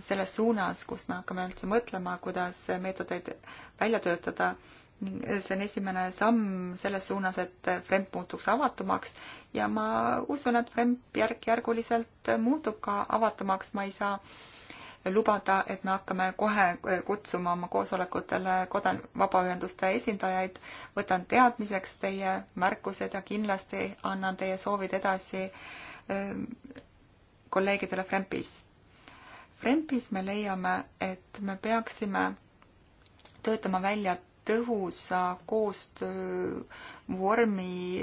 selles suunas, kus me hakkame üldse mõtlema, kuidas meetodeid välja töötada see on esimene samm selles suunas, et Fremp muutuks avatumaks ja ma usun, et Fremp järk-järguliselt muutub ka avatumaks, ma ei saa lubada, et me hakkame kohe kutsuma oma koosolekutele kodan-, vabaühenduste esindajaid. võtan teadmiseks teie märkused ja kindlasti annan teie soovid edasi ähm, kolleegidele Frempis. Frempis me leiame, et me peaksime töötama välja tõhusa koostöövormi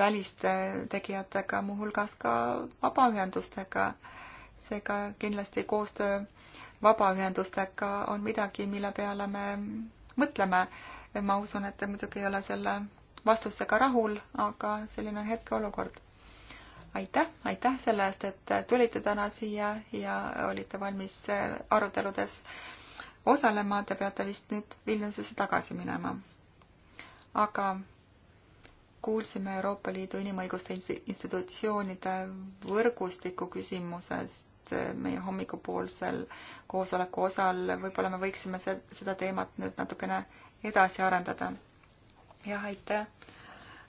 väliste tegijatega, muuhulgas ka vabaühendustega. seega kindlasti koostöö vabaühendustega on midagi, mille peale me mõtleme. ma usun, et te muidugi ei ole selle vastustega rahul, aga selline on hetkeolukord aitäh, aitäh selle eest, et tulite täna siia ja olite valmis aruteludes osalema, te peate vist nüüd Vilniusesse tagasi minema. aga kuulsime Euroopa Liidu inimõiguste institutsioonide võrgustiku küsimusest eh, meie hommikupoolsel koosoleku osal, võib-olla me võiksime seda teemat nüüd natukene edasi arendada. jah, aitäh.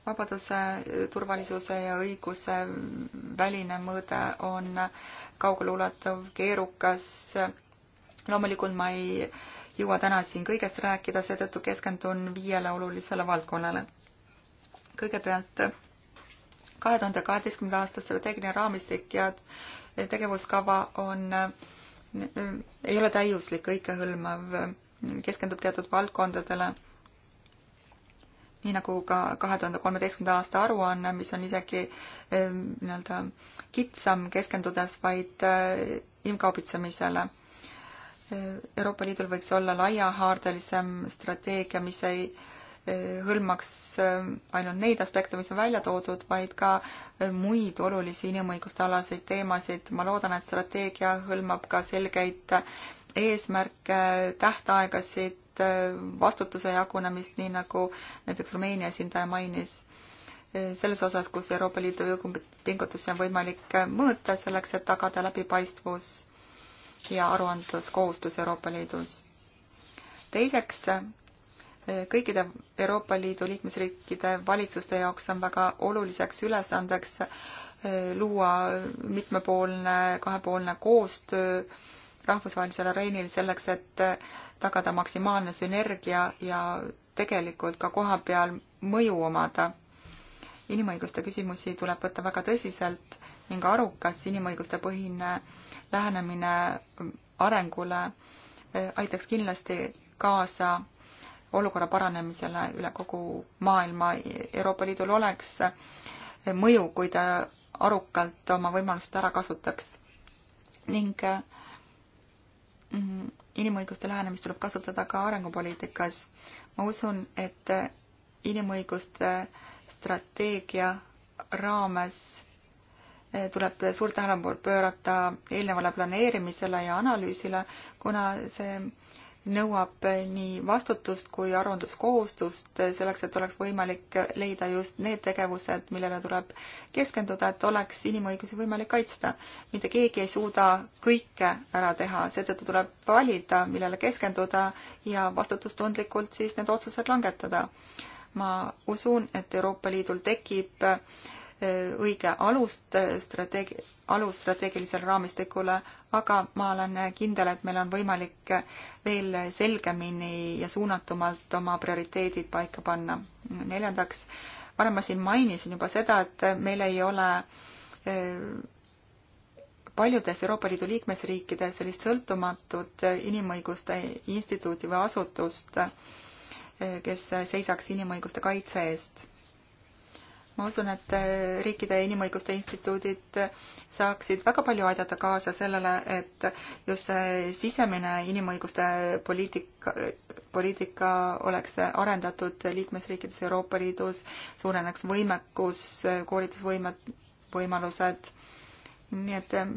vabaduse, turvalisuse ja õiguse väline mõõde on kaugeleulatuv, keerukas loomulikult ma ei jõua täna siin kõigest rääkida, seetõttu keskendun viiele olulisele valdkonnale. kõigepealt kahe tuhande kaheteistkümnenda aasta strateegiline raamistik ja tegevuskava on, ei ole täiuslik, kõikehõlmav, keskendub teatud valdkondadele, nii nagu ka kahe tuhande kolmeteistkümnenda aasta aruanne, mis on isegi eh, nii-öelda kitsam, keskendudes vaid inimkaubitsemisele eh, Euroopa Liidul võiks olla laiahaardelisem strateegia, mis ei e, hõlmaks e, ainult neid aspekte, mis on välja toodud, vaid ka e, muid olulisi inimõiguste alaseid teemasid. ma loodan, et strateegia hõlmab ka selgeid eesmärke, tähtaegasid, vastutuse jagunemist, nii nagu näiteks Rumeenia esindaja mainis, selles osas, kus Euroopa Liidu pingutusi on võimalik mõõta selleks, et tagada läbipaistvus ja aruandluskohustus Euroopa Liidus. teiseks, kõikide Euroopa Liidu liikmesriikide valitsuste jaoks on väga oluliseks ülesandeks eh, luua mitmepoolne, kahepoolne koostöö rahvusvahelisel areenil selleks, et eh, tagada maksimaalne sünergia ja tegelikult ka koha peal mõju omada. inimõiguste küsimusi tuleb võtta väga tõsiselt ning arukas inimõiguste põhine äh, lähenemine arengule eh, aitaks kindlasti kaasa olukorra paranemisele üle kogu maailma. Euroopa Liidul oleks eh, mõju, kui ta arukalt oma võimalust ära kasutaks. ning eh, mhm, inimõiguste lähenemist tuleb kasutada ka arengupoliitikas. ma usun, et inimõiguste strateegia raames tuleb suurt tähelepanu pöörata eelnevale planeerimisele ja analüüsile, kuna see nõuab nii vastutust kui aruandluskohustust selleks, et oleks võimalik leida just need tegevused, millele tuleb keskenduda, et oleks inimõigusi võimalik kaitsta. mitte keegi ei suuda kõike ära teha, seetõttu tuleb valida, millele keskenduda ja vastutustundlikult siis need otsused langetada. ma usun, et Euroopa Liidul tekib äh, õige alust strateeg-, alus strateegilisele raamistikule, aga ma olen kindel, et meil on võimalik veel selgemini ja suunatumalt oma prioriteedid paika panna. neljandaks, varem ma siin mainisin juba seda, et meil ei ole e, paljudes Euroopa Liidu liikmesriikides sellist sõltumatut inimõiguste instituuti või asutust, e, kes seisaks inimõiguste kaitse eest ma usun, et äh, riikide inimõiguste instituudid saaksid väga palju aidata kaasa sellele, et just see sisemine inimõiguste poliitika, poliitika oleks arendatud liikmesriikides Euroopa Liidus, suureneks võimekus, koolitusvõimed, võimalused. nii et äh,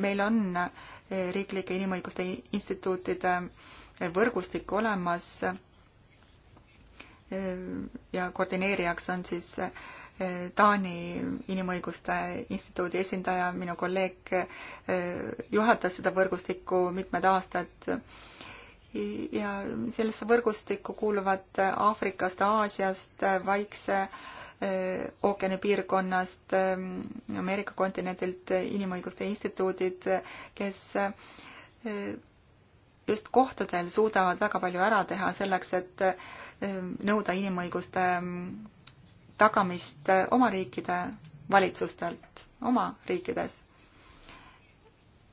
meil on äh, riiklike inimõiguste instituutide võrgustik olemas ja koordineerijaks on siis äh, Taani Inimõiguste Instituudi esindaja, minu kolleeg eh, juhatas seda võrgustikku mitmed aastad ja sellesse võrgustikku kuuluvad Aafrikast, Aasiast, Vaikse eh, ookeani piirkonnast, eh, Ameerika kontinendilt inimõiguste instituudid, kes just kohtadel suudavad väga palju ära teha selleks, et nõuda inimõiguste tagamist äh, oma riikide valitsustelt oma riikides.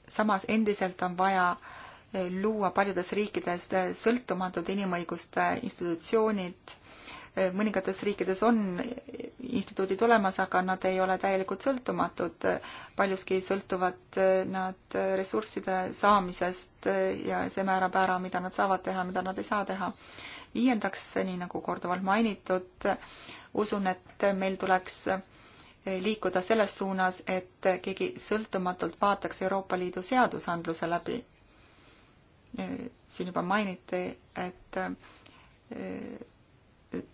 samas endiselt on vaja äh, luua paljudes riikides äh, sõltumatud inimõiguste institutsioonid. mõningates riikides on instituudid olemas, aga nad ei ole täielikult sõltumatud. paljuski sõltuvad nad ressursside saamisest ja see määrab ära, mida nad saavad teha, mida nad ei saa teha viiendaks, nii nagu korduvalt mainitud, usun, et meil tuleks liikuda selles suunas, et keegi sõltumatult vaataks Euroopa Liidu seadusandluse läbi. siin juba mainiti, et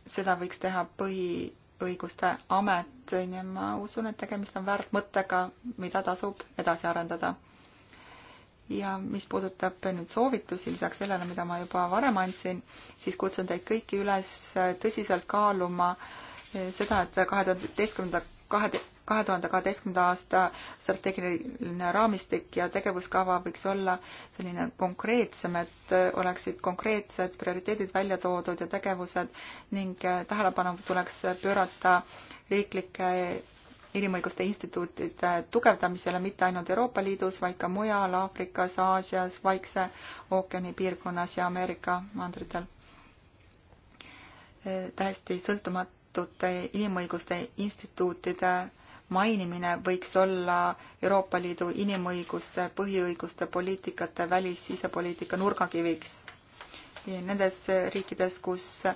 seda võiks teha põhiõiguste amet, nii et ma usun, et tegemist on väärt mõttega, mida tasub edasi arendada ja mis puudutab nüüd soovitusi lisaks sellele, mida ma juba varem andsin, siis kutsun teid kõiki üles tõsiselt kaaluma eh, seda, et kahe tuhande üheteistkümnenda, kahe, kahe tuhande kaheteistkümnenda aasta strateegiline raamistik ja tegevuskava võiks olla selline konkreetsem, et eh, oleksid konkreetsed prioriteedid välja toodud ja tegevused ning eh, tähelepanu tuleks pöörata riiklike inimõiguste instituutide tugevdamisele mitte ainult Euroopa Liidus, vaid ka mujal Aafrikas, Aasias, Vaikse ookeani piirkonnas ja Ameerika mandritel. täiesti sõltumatute inimõiguste instituutide mainimine võiks olla Euroopa Liidu inimõiguste, põhiõiguste poliitikate välis-sisepoliitika nurgakiviks nendes riikides, kus eh,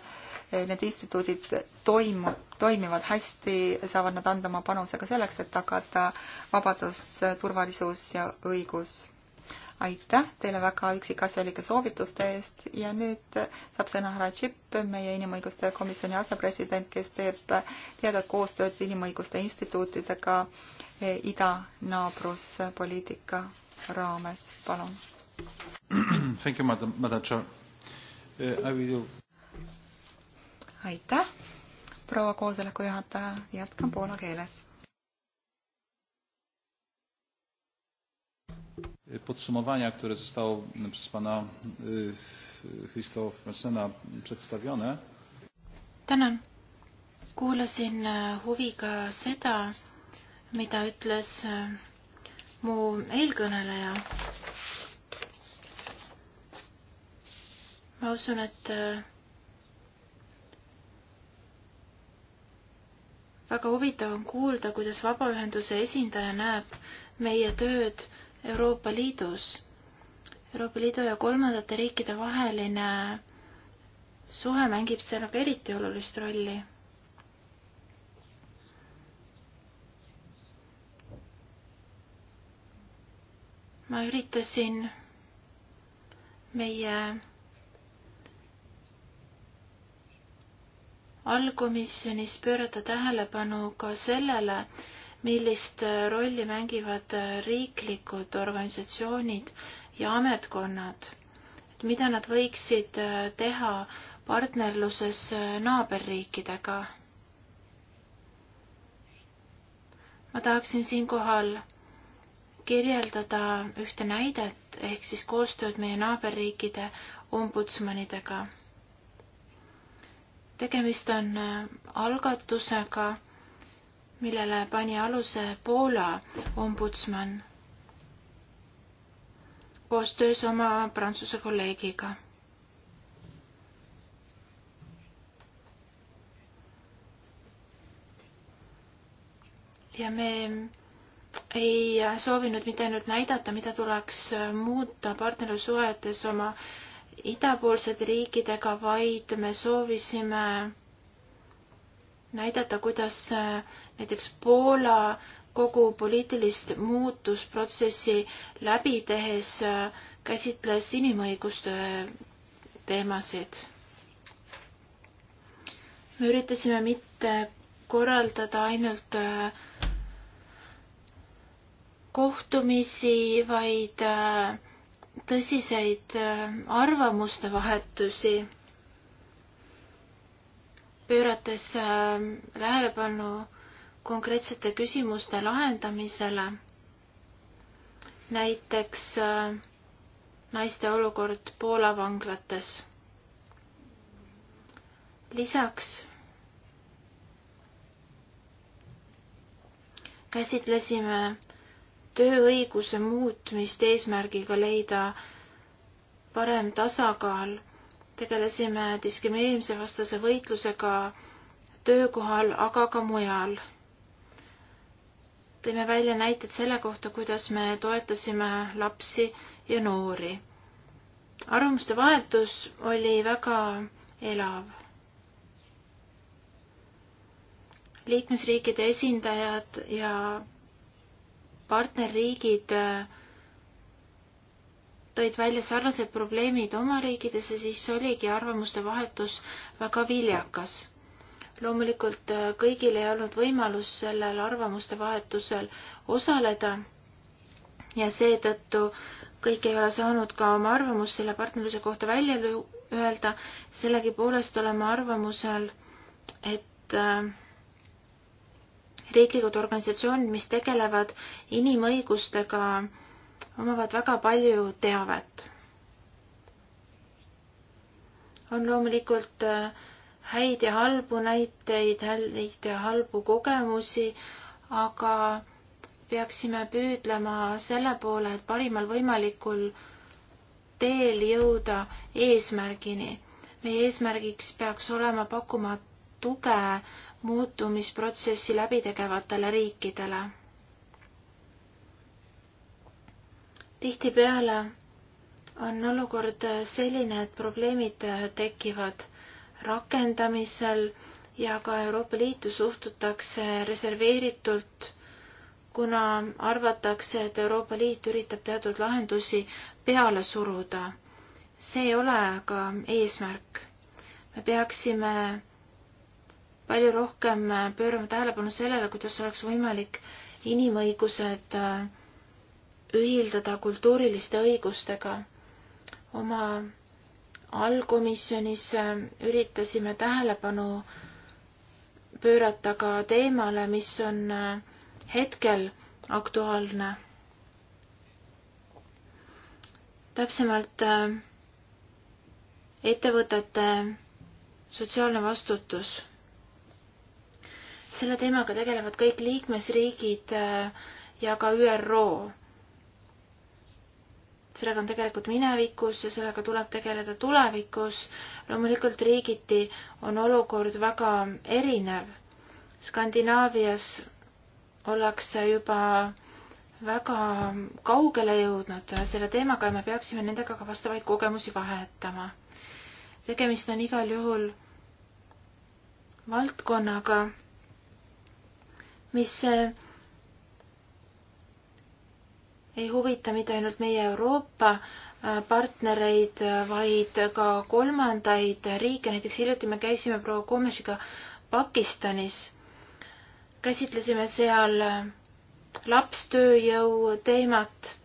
need instituudid toimu-, toimivad hästi, saavad nad anda oma panuse ka selleks, et tagada vabadus, turvalisus ja õigus. aitäh teile väga üksikasjalike soovituste eest ja nüüd saab sõna härra Tšipp, meie inimõiguste komisjoni asepresident, kes teeb tihedat koostööd inimõiguste instituutidega eh, idanaabruspoliitika raames, palun. Thank you, madam, madam chair Eh, aitäh, proua koosoleku juhataja, jätkan poola keeles. Eh, podsumowania, które zostało mm, przez pana eh, Christo Messena przedstawione. Tänan. Kuulasin huviga seda, mida ütles mu eelkõneleja ma usun, et äh, väga huvitav on kuulda, kuidas vabaühenduse esindaja näeb meie tööd Euroopa Liidus. Euroopa Liidu ja kolmandate riikide vaheline suhe mängib seal aga eriti olulist rolli ma üritasin meie allkomisjonis pöörata tähelepanu ka sellele, millist rolli mängivad riiklikud organisatsioonid ja ametkonnad, et mida nad võiksid teha partnerluses naaberriikidega. ma tahaksin siinkohal kirjeldada ühte näidet ehk siis koostööd meie naaberriikide ombudsmanidega tegemist on äh, algatusega, millele pani aluse Poola ombudsman koostöös oma prantsuse kolleegiga. ja me ei soovinud mitte ainult näidata, mida tuleks muuta partnerlussuhetes oma idapoolsete riikidega, vaid me soovisime näidata, kuidas äh, näiteks Poola kogu poliitilist muutusprotsessi läbi tehes äh, käsitles inimõiguste teemasid. me üritasime mitte korraldada ainult äh, kohtumisi, vaid äh, tõsiseid äh, arvamuste vahetusi, pöörates äh, tähelepanu konkreetsete küsimuste lahendamisele. näiteks äh, naiste olukord Poola vanglates. lisaks käsitlesime tööõiguse muutmist eesmärgiga leida parem tasakaal. tegelesime diskrimineerimise vastase võitlusega töökohal, aga ka mujal. tõime välja näited selle kohta, kuidas me toetasime lapsi ja noori. arvamuste vahetus oli väga elav liikmesriikide esindajad ja partnerriigid äh, tõid välja sarnased probleemid oma riikides ja siis oligi arvamuste vahetus väga viljakas. loomulikult äh, kõigil ei olnud võimalus sellel arvamuste vahetusel osaleda ja seetõttu kõik ei ole saanud ka oma arvamust selle partnerluse kohta välja öelda, sellegipoolest oleme arvamusel, et äh, riiklikud organisatsioonid, mis tegelevad inimõigustega, omavad väga palju teavet. on loomulikult äh, häid ja halbu näiteid, häid ja halbu kogemusi, aga peaksime püüdlema selle poole, et parimal võimalikul teel jõuda eesmärgini. meie eesmärgiks peaks olema pakkuma tuge muutumisprotsessi läbi tegevatele riikidele. tihtipeale on olukord selline, et probleemid tekivad rakendamisel ja ka Euroopa Liitu suhtutakse reserveeritult, kuna arvatakse, et Euroopa Liit üritab teatud lahendusi peale suruda. see ei ole aga eesmärk. me peaksime palju rohkem äh, pöörama tähelepanu sellele, kuidas oleks võimalik inimõigused äh, ühildada kultuuriliste õigustega. oma allkomisjonis äh, üritasime tähelepanu pöörata ka teemale, mis on hetkel aktuaalne. täpsemalt ettevõtete sotsiaalne vastutus selle teemaga tegelevad kõik liikmesriigid äh, ja ka ÜRO. sellega on tegelikult minevikus ja sellega tuleb tegeleda tulevikus. loomulikult riigiti on olukord väga erinev. Skandinaavias ollakse juba väga kaugele jõudnud selle teemaga ja me peaksime nendega ka vastavaid kogemusi vahetama. tegemist on igal juhul valdkonnaga mis äh, ei huvita mitte ainult meie Euroopa äh, partnereid, äh, vaid ka kolmandaid riike, näiteks hiljuti me käisime proua Komesiga Pakistanis, käsitlesime seal lapstööjõu teemat.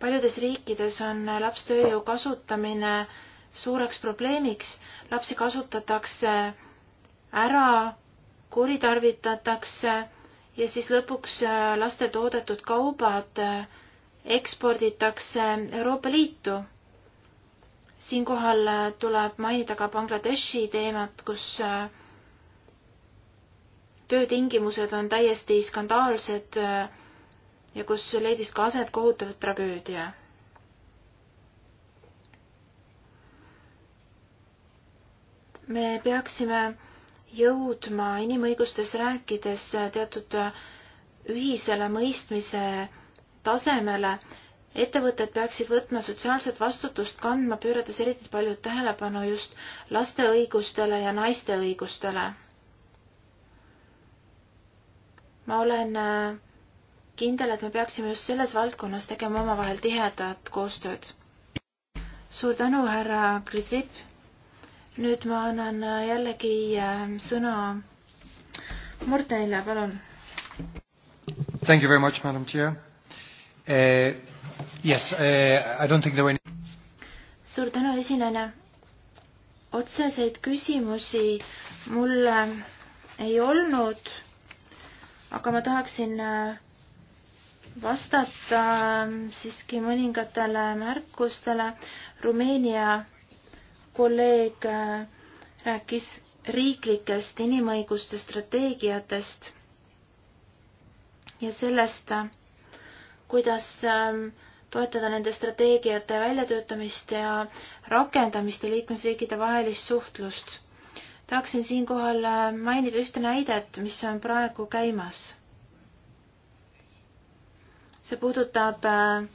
paljudes riikides on lapstööjõu kasutamine suureks probleemiks, lapsi kasutatakse ära, kuritarvitatakse ja siis lõpuks äh, laste toodetud kaubad äh, eksporditakse Euroopa Liitu. siinkohal äh, tuleb mainida ka Bangladeshi teemat, kus töötingimused on täiesti skandaalsed ja kus leidis ka aset kohutav tragöödia. me peaksime jõudma inimõigustes rääkides teatud ühisele mõistmise tasemele. ettevõtted peaksid võtma sotsiaalset vastutust kandma, pöörates eriti palju tähelepanu just laste õigustele ja naiste õigustele. ma olen äh, kindel, et me peaksime just selles valdkonnas tegema omavahel tihedat koostööd. suur tänu, härra Grisip nüüd ma annan äh, jällegi äh, sõna Martinile, palun. Thank you very much, madam chair uh,. Yes uh,, I don't think there were any. suur tänu, esinejana. otseseid küsimusi mul ei olnud, aga ma tahaksin äh, vastata ähm, siiski mõningatele märkustele Rumeenia kolleeg äh, rääkis riiklikest inimõiguste strateegiatest ja sellest, kuidas ähm, toetada nende strateegiate väljatöötamist ja rakendamist ja liikmesriikide vahelist suhtlust. tahaksin siinkohal äh, mainida ühte näidet, mis on praegu käimas. see puudutab äh,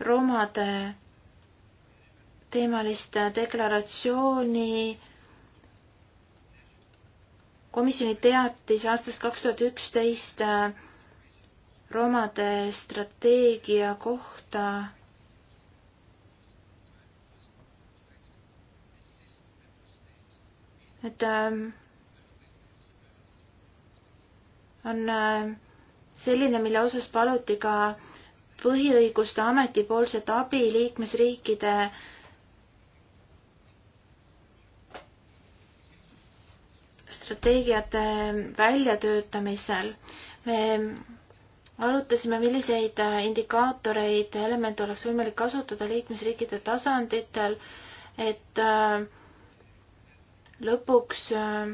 romade teemalist deklaratsiooni komisjoni teatis aastast kaks tuhat üksteist äh, romade strateegia kohta et ähm, on äh, selline, mille osas paluti ka põhiõiguste ametipoolset abi liikmesriikide strateegiate väljatöötamisel. me arutasime, milliseid indikaatoreid, elemente oleks võimalik kasutada liikmesriikide tasanditel, et äh, lõpuks äh,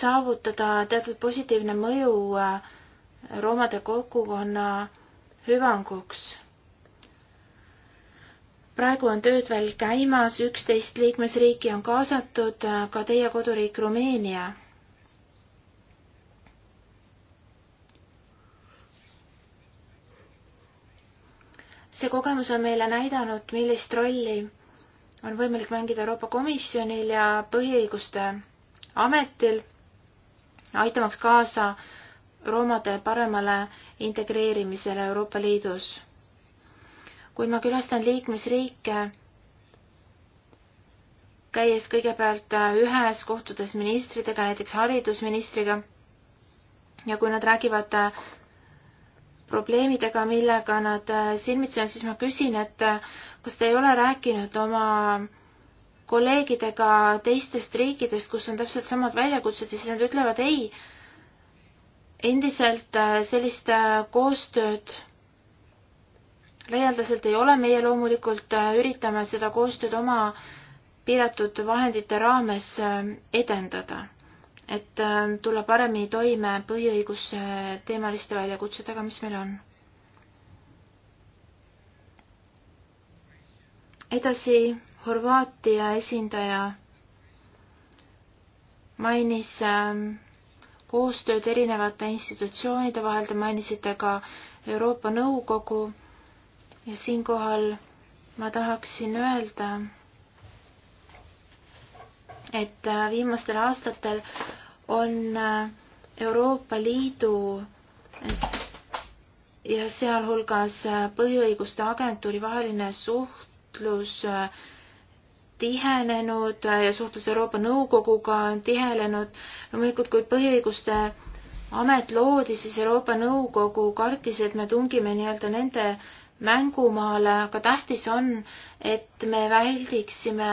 saavutada teatud positiivne mõju äh, roomade kogukonna hüvanguks praegu on tööd veel käimas, üksteist liikmesriiki on kaasatud, ka teie koduriik Rumeenia. see kogemus on meile näidanud, millist rolli on võimalik mängida Euroopa Komisjonil ja põhiõiguste ametil, aitamaks kaasa roomade paremale integreerimisele Euroopa Liidus kui ma külastan liikmesriike, käies kõigepealt äh, ühes, kohtudes ministritega, näiteks haridusministriga, ja kui nad räägivad äh, probleemidega, millega nad äh, silmitsi on, siis ma küsin, et kas te ei ole rääkinud oma kolleegidega teistest riikidest, kus on täpselt samad väljakutsed ja siis nad ütlevad ei. endiselt sellist koostööd laialdaselt ei ole, meie loomulikult äh, üritame seda koostööd oma piiratud vahendite raames äh, edendada, et äh, tulla paremini toime põhiõiguse teemaliste väljakutsedega, mis meil on. edasi Horvaatia esindaja mainis ähm, koostööd erinevate institutsioonide vahel, te mainisite ka Euroopa Nõukogu ja siinkohal ma tahaksin öelda, et äh, viimastel aastatel on äh, Euroopa Liidu ja sealhulgas äh, Põhiõiguste Agentuuri vaheline suhtlus tihenenud ja suhtlus Euroopa Nõukoguga on tihenenud. loomulikult, kui Põhiõiguste Amet loodi, siis Euroopa Nõukogu kartis, et me tungime nii-öelda nende mängumaale, aga tähtis on, et me väldiksime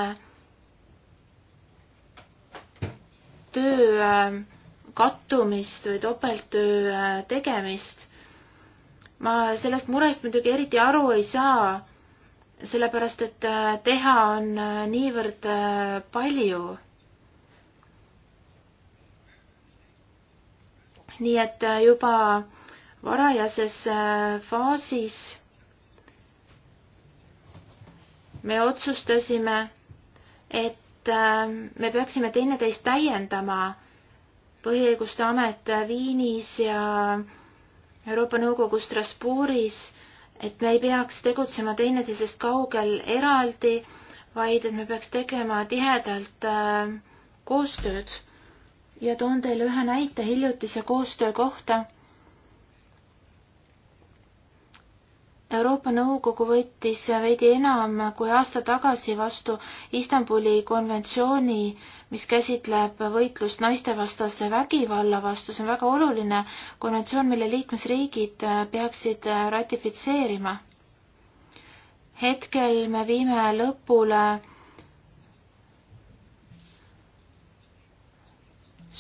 töö äh, kattumist või topelttöö äh, tegemist. ma sellest murest muidugi eriti aru ei saa, sellepärast et äh, teha on niivõrd palju. nii et juba varajases faasis me otsustasime, et äh, me peaksime teineteist täiendama. põhiõiguste amet Viinis ja Euroopa Nõukogu Strasbourgis, et me ei peaks tegutsema teineteisest kaugel eraldi, vaid et me peaks tegema tihedalt äh, koostööd. ja toon teile ühe näite hiljutise koostöö kohta Euroopa Nõukogu võttis veidi enam kui aasta tagasi vastu Istanbuli konventsiooni, mis käsitleb võitlust naistevastase vägivalla vastu. see on väga oluline konventsioon, mille liikmesriigid peaksid ratifitseerima. hetkel me viime lõpule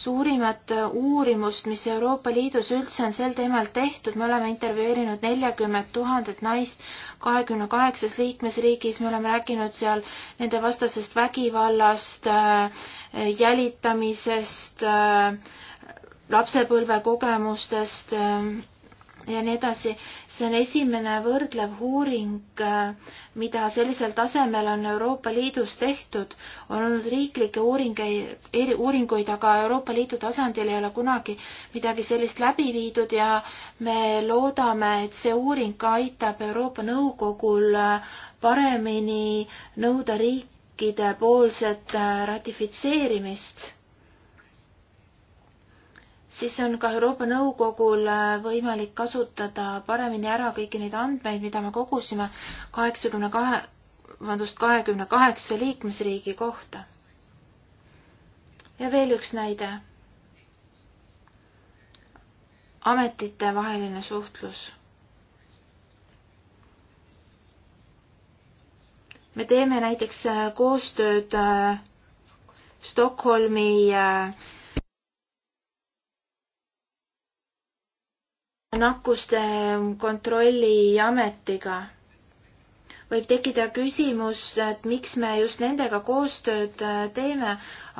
suurimat äh, uurimust, mis Euroopa Liidus üldse on sel teemal tehtud, me oleme intervjueerinud neljakümmet tuhandet naist kahekümne kaheksas liikmesriigis, me oleme rääkinud seal nende vastasest vägivallast, äh, jälitamisest, äh, lapsepõlvekogemustest ja nii edasi. see on esimene võrdlev uuring, äh, mida sellisel tasemel on Euroopa Liidus tehtud. on olnud riiklikke uuringeid, uuringuid, aga Euroopa Liidu tasandil ei ole kunagi midagi sellist läbi viidud ja me loodame, et see uuring ka aitab Euroopa Nõukogul äh, paremini nõuda riikide poolset äh, ratifitseerimist siis on ka Euroopa Nõukogul äh, võimalik kasutada paremini ära kõiki neid andmeid, mida me kogusime kaheksakümne kahe, vabandust, kahekümne kaheksa liikmesriigi kohta. ja veel üks näide. ametitevaheline suhtlus. me teeme näiteks äh, koostööd äh, Stockholmi äh, nakkuste kontrolliametiga. võib tekkida küsimus, et miks me just nendega koostööd äh, teeme,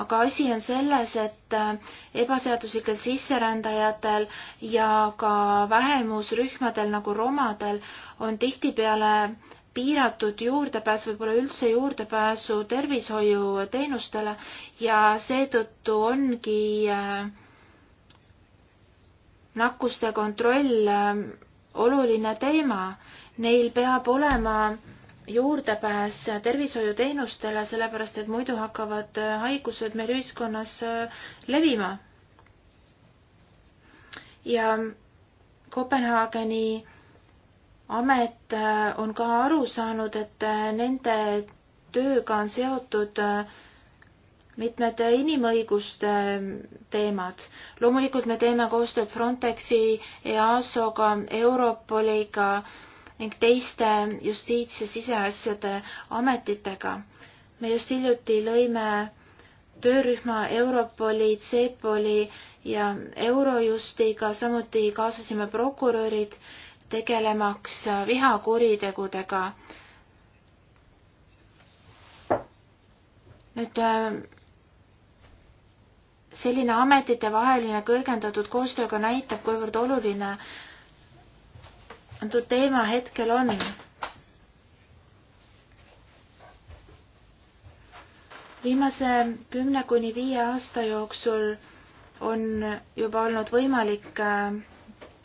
aga asi on selles, et äh, ebaseaduslikel sisserändajatel ja ka vähemusrühmadel nagu romadel on tihtipeale piiratud juurdepääs, võib-olla üldse juurdepääsu tervishoiuteenustele ja seetõttu ongi äh, nakkuste kontroll äh, oluline teema. Neil peab olema juurdepääs tervishoiuteenustele, sellepärast et muidu hakkavad äh, haigused meil ühiskonnas äh, levima. ja Kopenhaageni amet on ka aru saanud, et nende tööga on seotud äh, mitmed inimõiguste teemad. loomulikult me teeme koostööd Frontexi, EASO-ga, Europoliga ning teiste justiits- ja siseasjade ametitega. me just hiljuti lõime töörühma Europoli, CEPOL-i ja Eurojustiga, samuti kaasasime prokurörid tegelemaks vihakuritegudega. nüüd äh, selline ametitevaheline kõrgendatud koostöö ka näitab, kuivõrd oluline antud teema hetkel on. viimase kümne kuni viie aasta jooksul on juba olnud võimalik äh,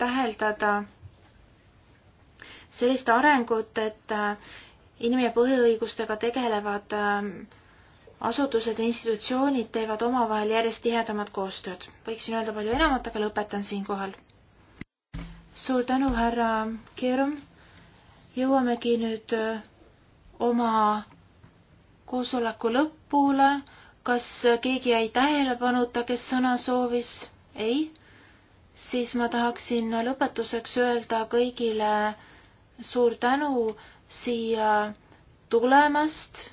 täheldada sellist arengut, et äh, inim- ja põhiõigustega tegelevad äh, asutused ja institutsioonid teevad omavahel järjest tihedamat koostööd. võiksin öelda palju enamat, aga lõpetan siinkohal. suur tänu, härra Keerum. jõuamegi nüüd äh, oma koosoleku lõpule. kas keegi jäi tähelepanuta, kes sõna soovis? ei? siis ma tahaksin lõpetuseks öelda kõigile suur tänu siia tulemast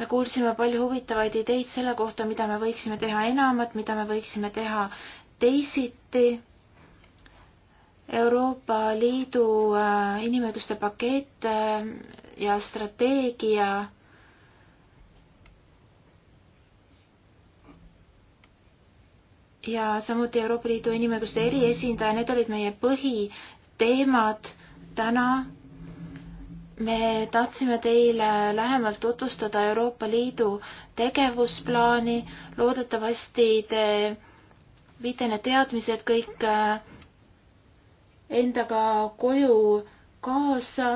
me kuulsime palju huvitavaid ideid selle kohta, mida me võiksime teha enamat, mida me võiksime teha teisiti. Euroopa Liidu äh, inimõiguste pakett äh, ja strateegia ja samuti Euroopa Liidu inimõiguste eriesindaja, need olid meie põhiteemad täna me tahtsime teile lähemalt tutvustada Euroopa Liidu tegevusplaani. loodetavasti te viite need teadmised kõik äh, endaga koju kaasa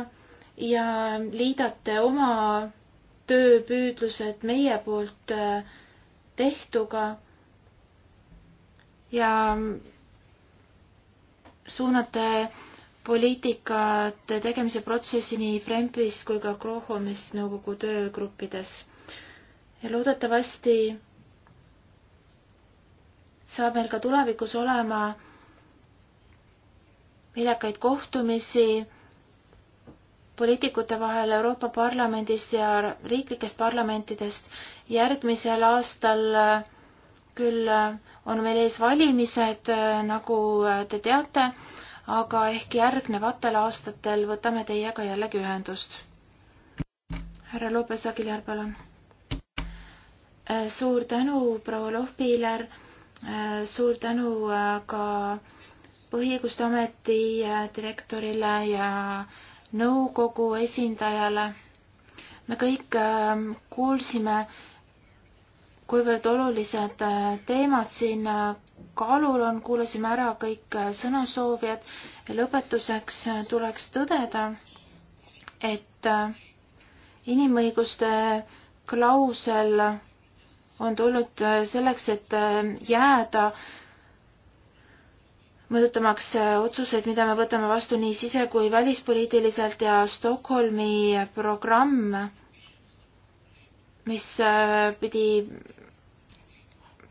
ja liidate oma tööpüüdlused meie poolt äh, tehtuga ja suunate poliitikate tegemise protsessi nii Frempis kui ka Krohomis nõukogu töögruppides. ja loodetavasti saab meil ka tulevikus olema viljakaid kohtumisi poliitikute vahel Euroopa Parlamendist ja riiklikest parlamentidest. järgmisel aastal küll on meil ees valimised, nagu te teate aga ehk järgnevatel aastatel võtame teiega jällegi ühendust. härra Lopes Aguilar, palun. suur tänu, proua Lohpiiler, suur tänu äh, ka Põhiõiguste Ameti äh, direktorile ja nõukogu esindajale. me kõik äh, kuulsime kuivõrd olulised äh, teemad siin äh, kaalul on, kuulasime ära kõik äh, sõnasoovijad ja lõpetuseks tuleks tõdeda, et inimõiguste klausel on tulnud selleks, et jääda mõjutamaks otsuseid, mida me võtame vastu nii sise- kui välispoliitiliselt ja Stockholmi programm mis äh, pidi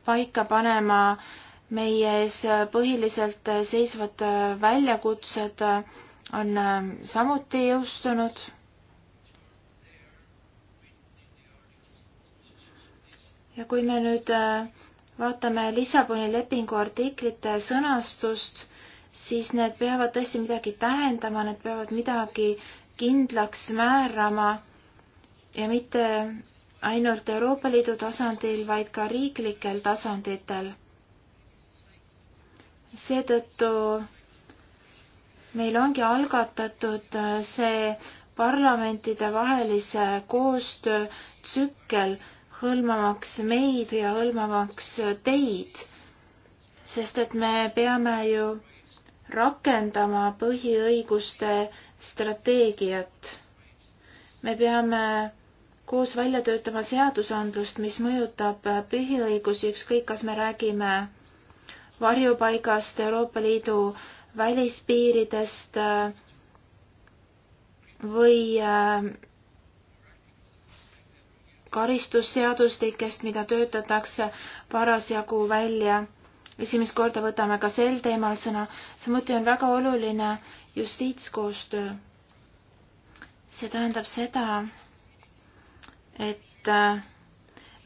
paika panema meie ees põhiliselt seisvad äh, väljakutsed, äh, on samuti jõustunud. ja kui me nüüd vaatame Lissaboni lepingu artiklite sõnastust, siis need peavad tõesti midagi tähendama, need peavad midagi kindlaks määrama ja mitte ainult Euroopa Liidu tasandil, vaid ka riiklikel tasanditel. seetõttu meil ongi algatatud see parlamentidevahelise koostöö tsükkel, hõlmamaks meid ja hõlmamaks teid, sest et me peame ju rakendama põhiõiguste strateegiat. me peame koos välja töötama seadusandlust, mis mõjutab äh, põhiõigusi, ükskõik kas me räägime varjupaigast, Euroopa Liidu välispiiridest äh, või äh, karistusseadustikest, mida töötatakse parasjagu välja. esimest korda võtame ka sel teemal sõna. samuti on väga oluline justiitskoostöö. see tähendab seda, et äh,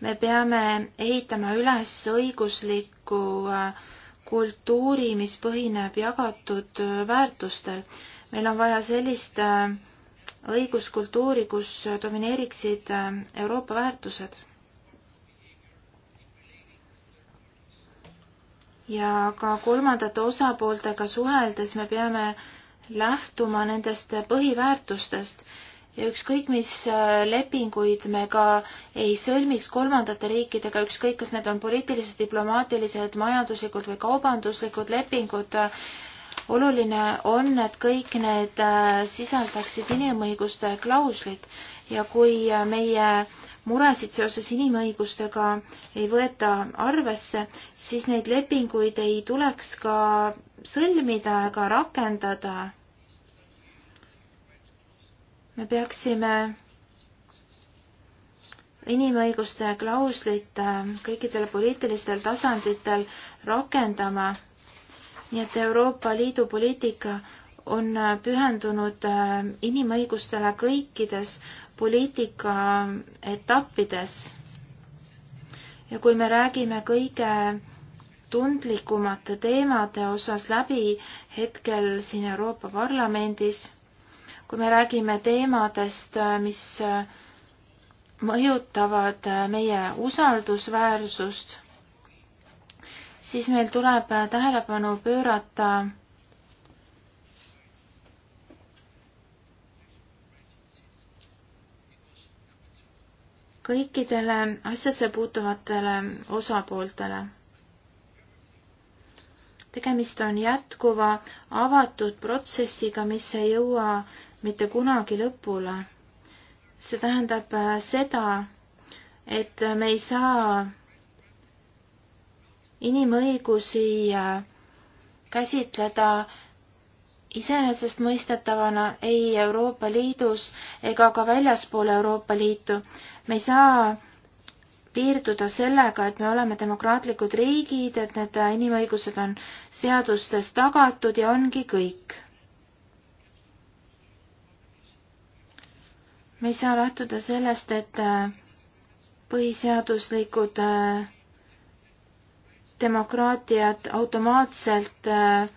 me peame ehitama üles õigusliku äh, kultuuri, mis põhineb jagatud äh, väärtustel. meil on vaja sellist õiguskultuuri, kus domineeriksid Euroopa väärtused. ja ka kolmandate osapooltega suheldes me peame lähtuma nendest põhiväärtustest ja ükskõik, mis äh, lepinguid me ka ei sõlmiks kolmandate riikidega, ükskõik, kas need on poliitilised, diplomaatilised, majanduslikud või kaubanduslikud lepingud, äh, oluline on, et kõik need äh, sisaldaksid inimõiguste klauslit ja kui meie muresid seoses inimõigustega ei võeta arvesse, siis neid lepinguid ei tuleks ka sõlmida ega rakendada me peaksime inimõiguste klauslit äh, kõikidel poliitilistel tasanditel rakendama. nii et Euroopa Liidu poliitika on äh, pühendunud äh, inimõigustele kõikides poliitika etappides. ja kui me räägime kõige tundlikumate teemade osas läbi hetkel siin Euroopa Parlamendis kui me räägime teemadest, mis mõjutavad meie usaldusväärsust, siis meil tuleb tähelepanu pöörata kõikidele asjasse puutuvatele osapooltele tegemist on jätkuva avatud protsessiga, mis ei jõua mitte kunagi lõpule. see tähendab äh, seda, et me ei saa inimõigusi äh, käsitleda iseenesestmõistetavana ei Euroopa Liidus ega ka väljaspool Euroopa Liitu. me ei saa piirduda sellega, et me oleme demokraatlikud riigid, et need inimõigused on seadustes tagatud ja ongi kõik. me ei saa lähtuda sellest, et äh, põhiseaduslikud äh, demokraatiad automaatselt äh,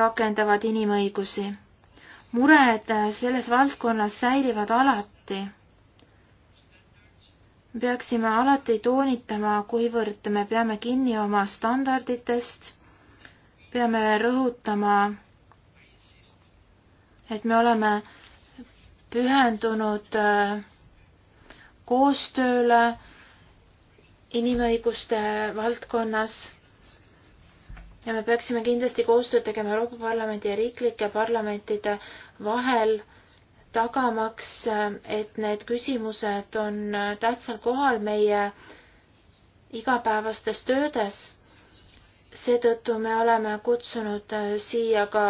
rakendavad inimõigusi. mured selles valdkonnas säilivad alati me peaksime alati toonitama, kuivõrd me peame kinni oma standarditest, peame rõhutama, et me oleme pühendunud äh, koostööle inimõiguste valdkonnas ja me peaksime kindlasti koostööd tegema Euroopa Parlamendi ja riiklike parlamentide vahel tagamaks, et need küsimused on tähtsal kohal meie igapäevastes töödes. seetõttu me oleme kutsunud siia ka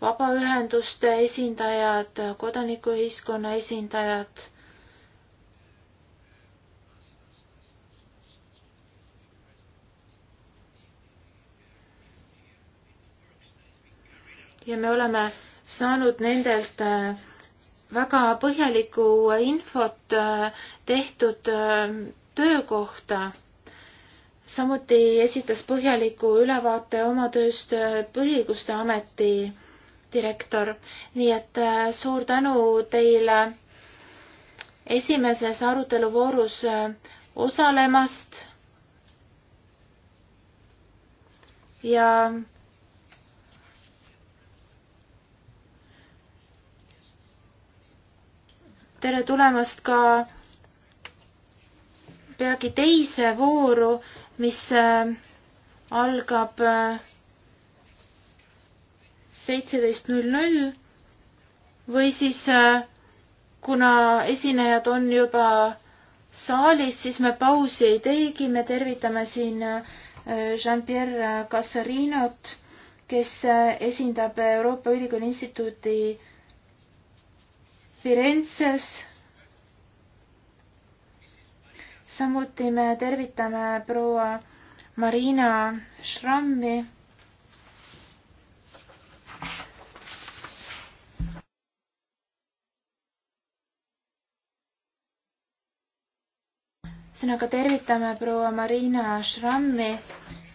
vabaühenduste esindajad, kodanikuühiskonna esindajad ja me oleme saanud nendelt väga põhjalikku infot äh, tehtud äh, töö kohta. samuti esitas põhjaliku ülevaate oma tööst äh, Põhiõiguste Ameti direktor, nii et suur tänu teile esimeses aruteluvoorus osalemast ja tere tulemast ka peagi teise vooru, mis äh, algab äh, seitseteist null null või siis äh, kuna esinejad on juba saalis, siis me pausi ei teegi, me tervitame siin Jean-Pierre Cassarinot, kes esindab Euroopa Ülikooli Instituudi Firenzes. samuti me tervitame proua Marina Schrammi. ühesõnaga tervitame proua Marina Schrammi,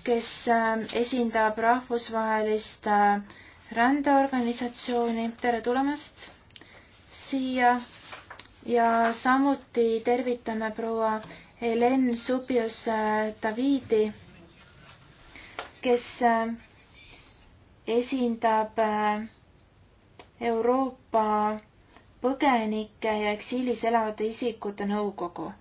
kes ähm, esindab rahvusvahelist äh, rändeorganisatsiooni. tere tulemast siia ja samuti tervitame proua Helen Subjus äh, Davidi, kes äh, esindab äh, Euroopa põgenike ja eksiilis elavate isikute nõukogu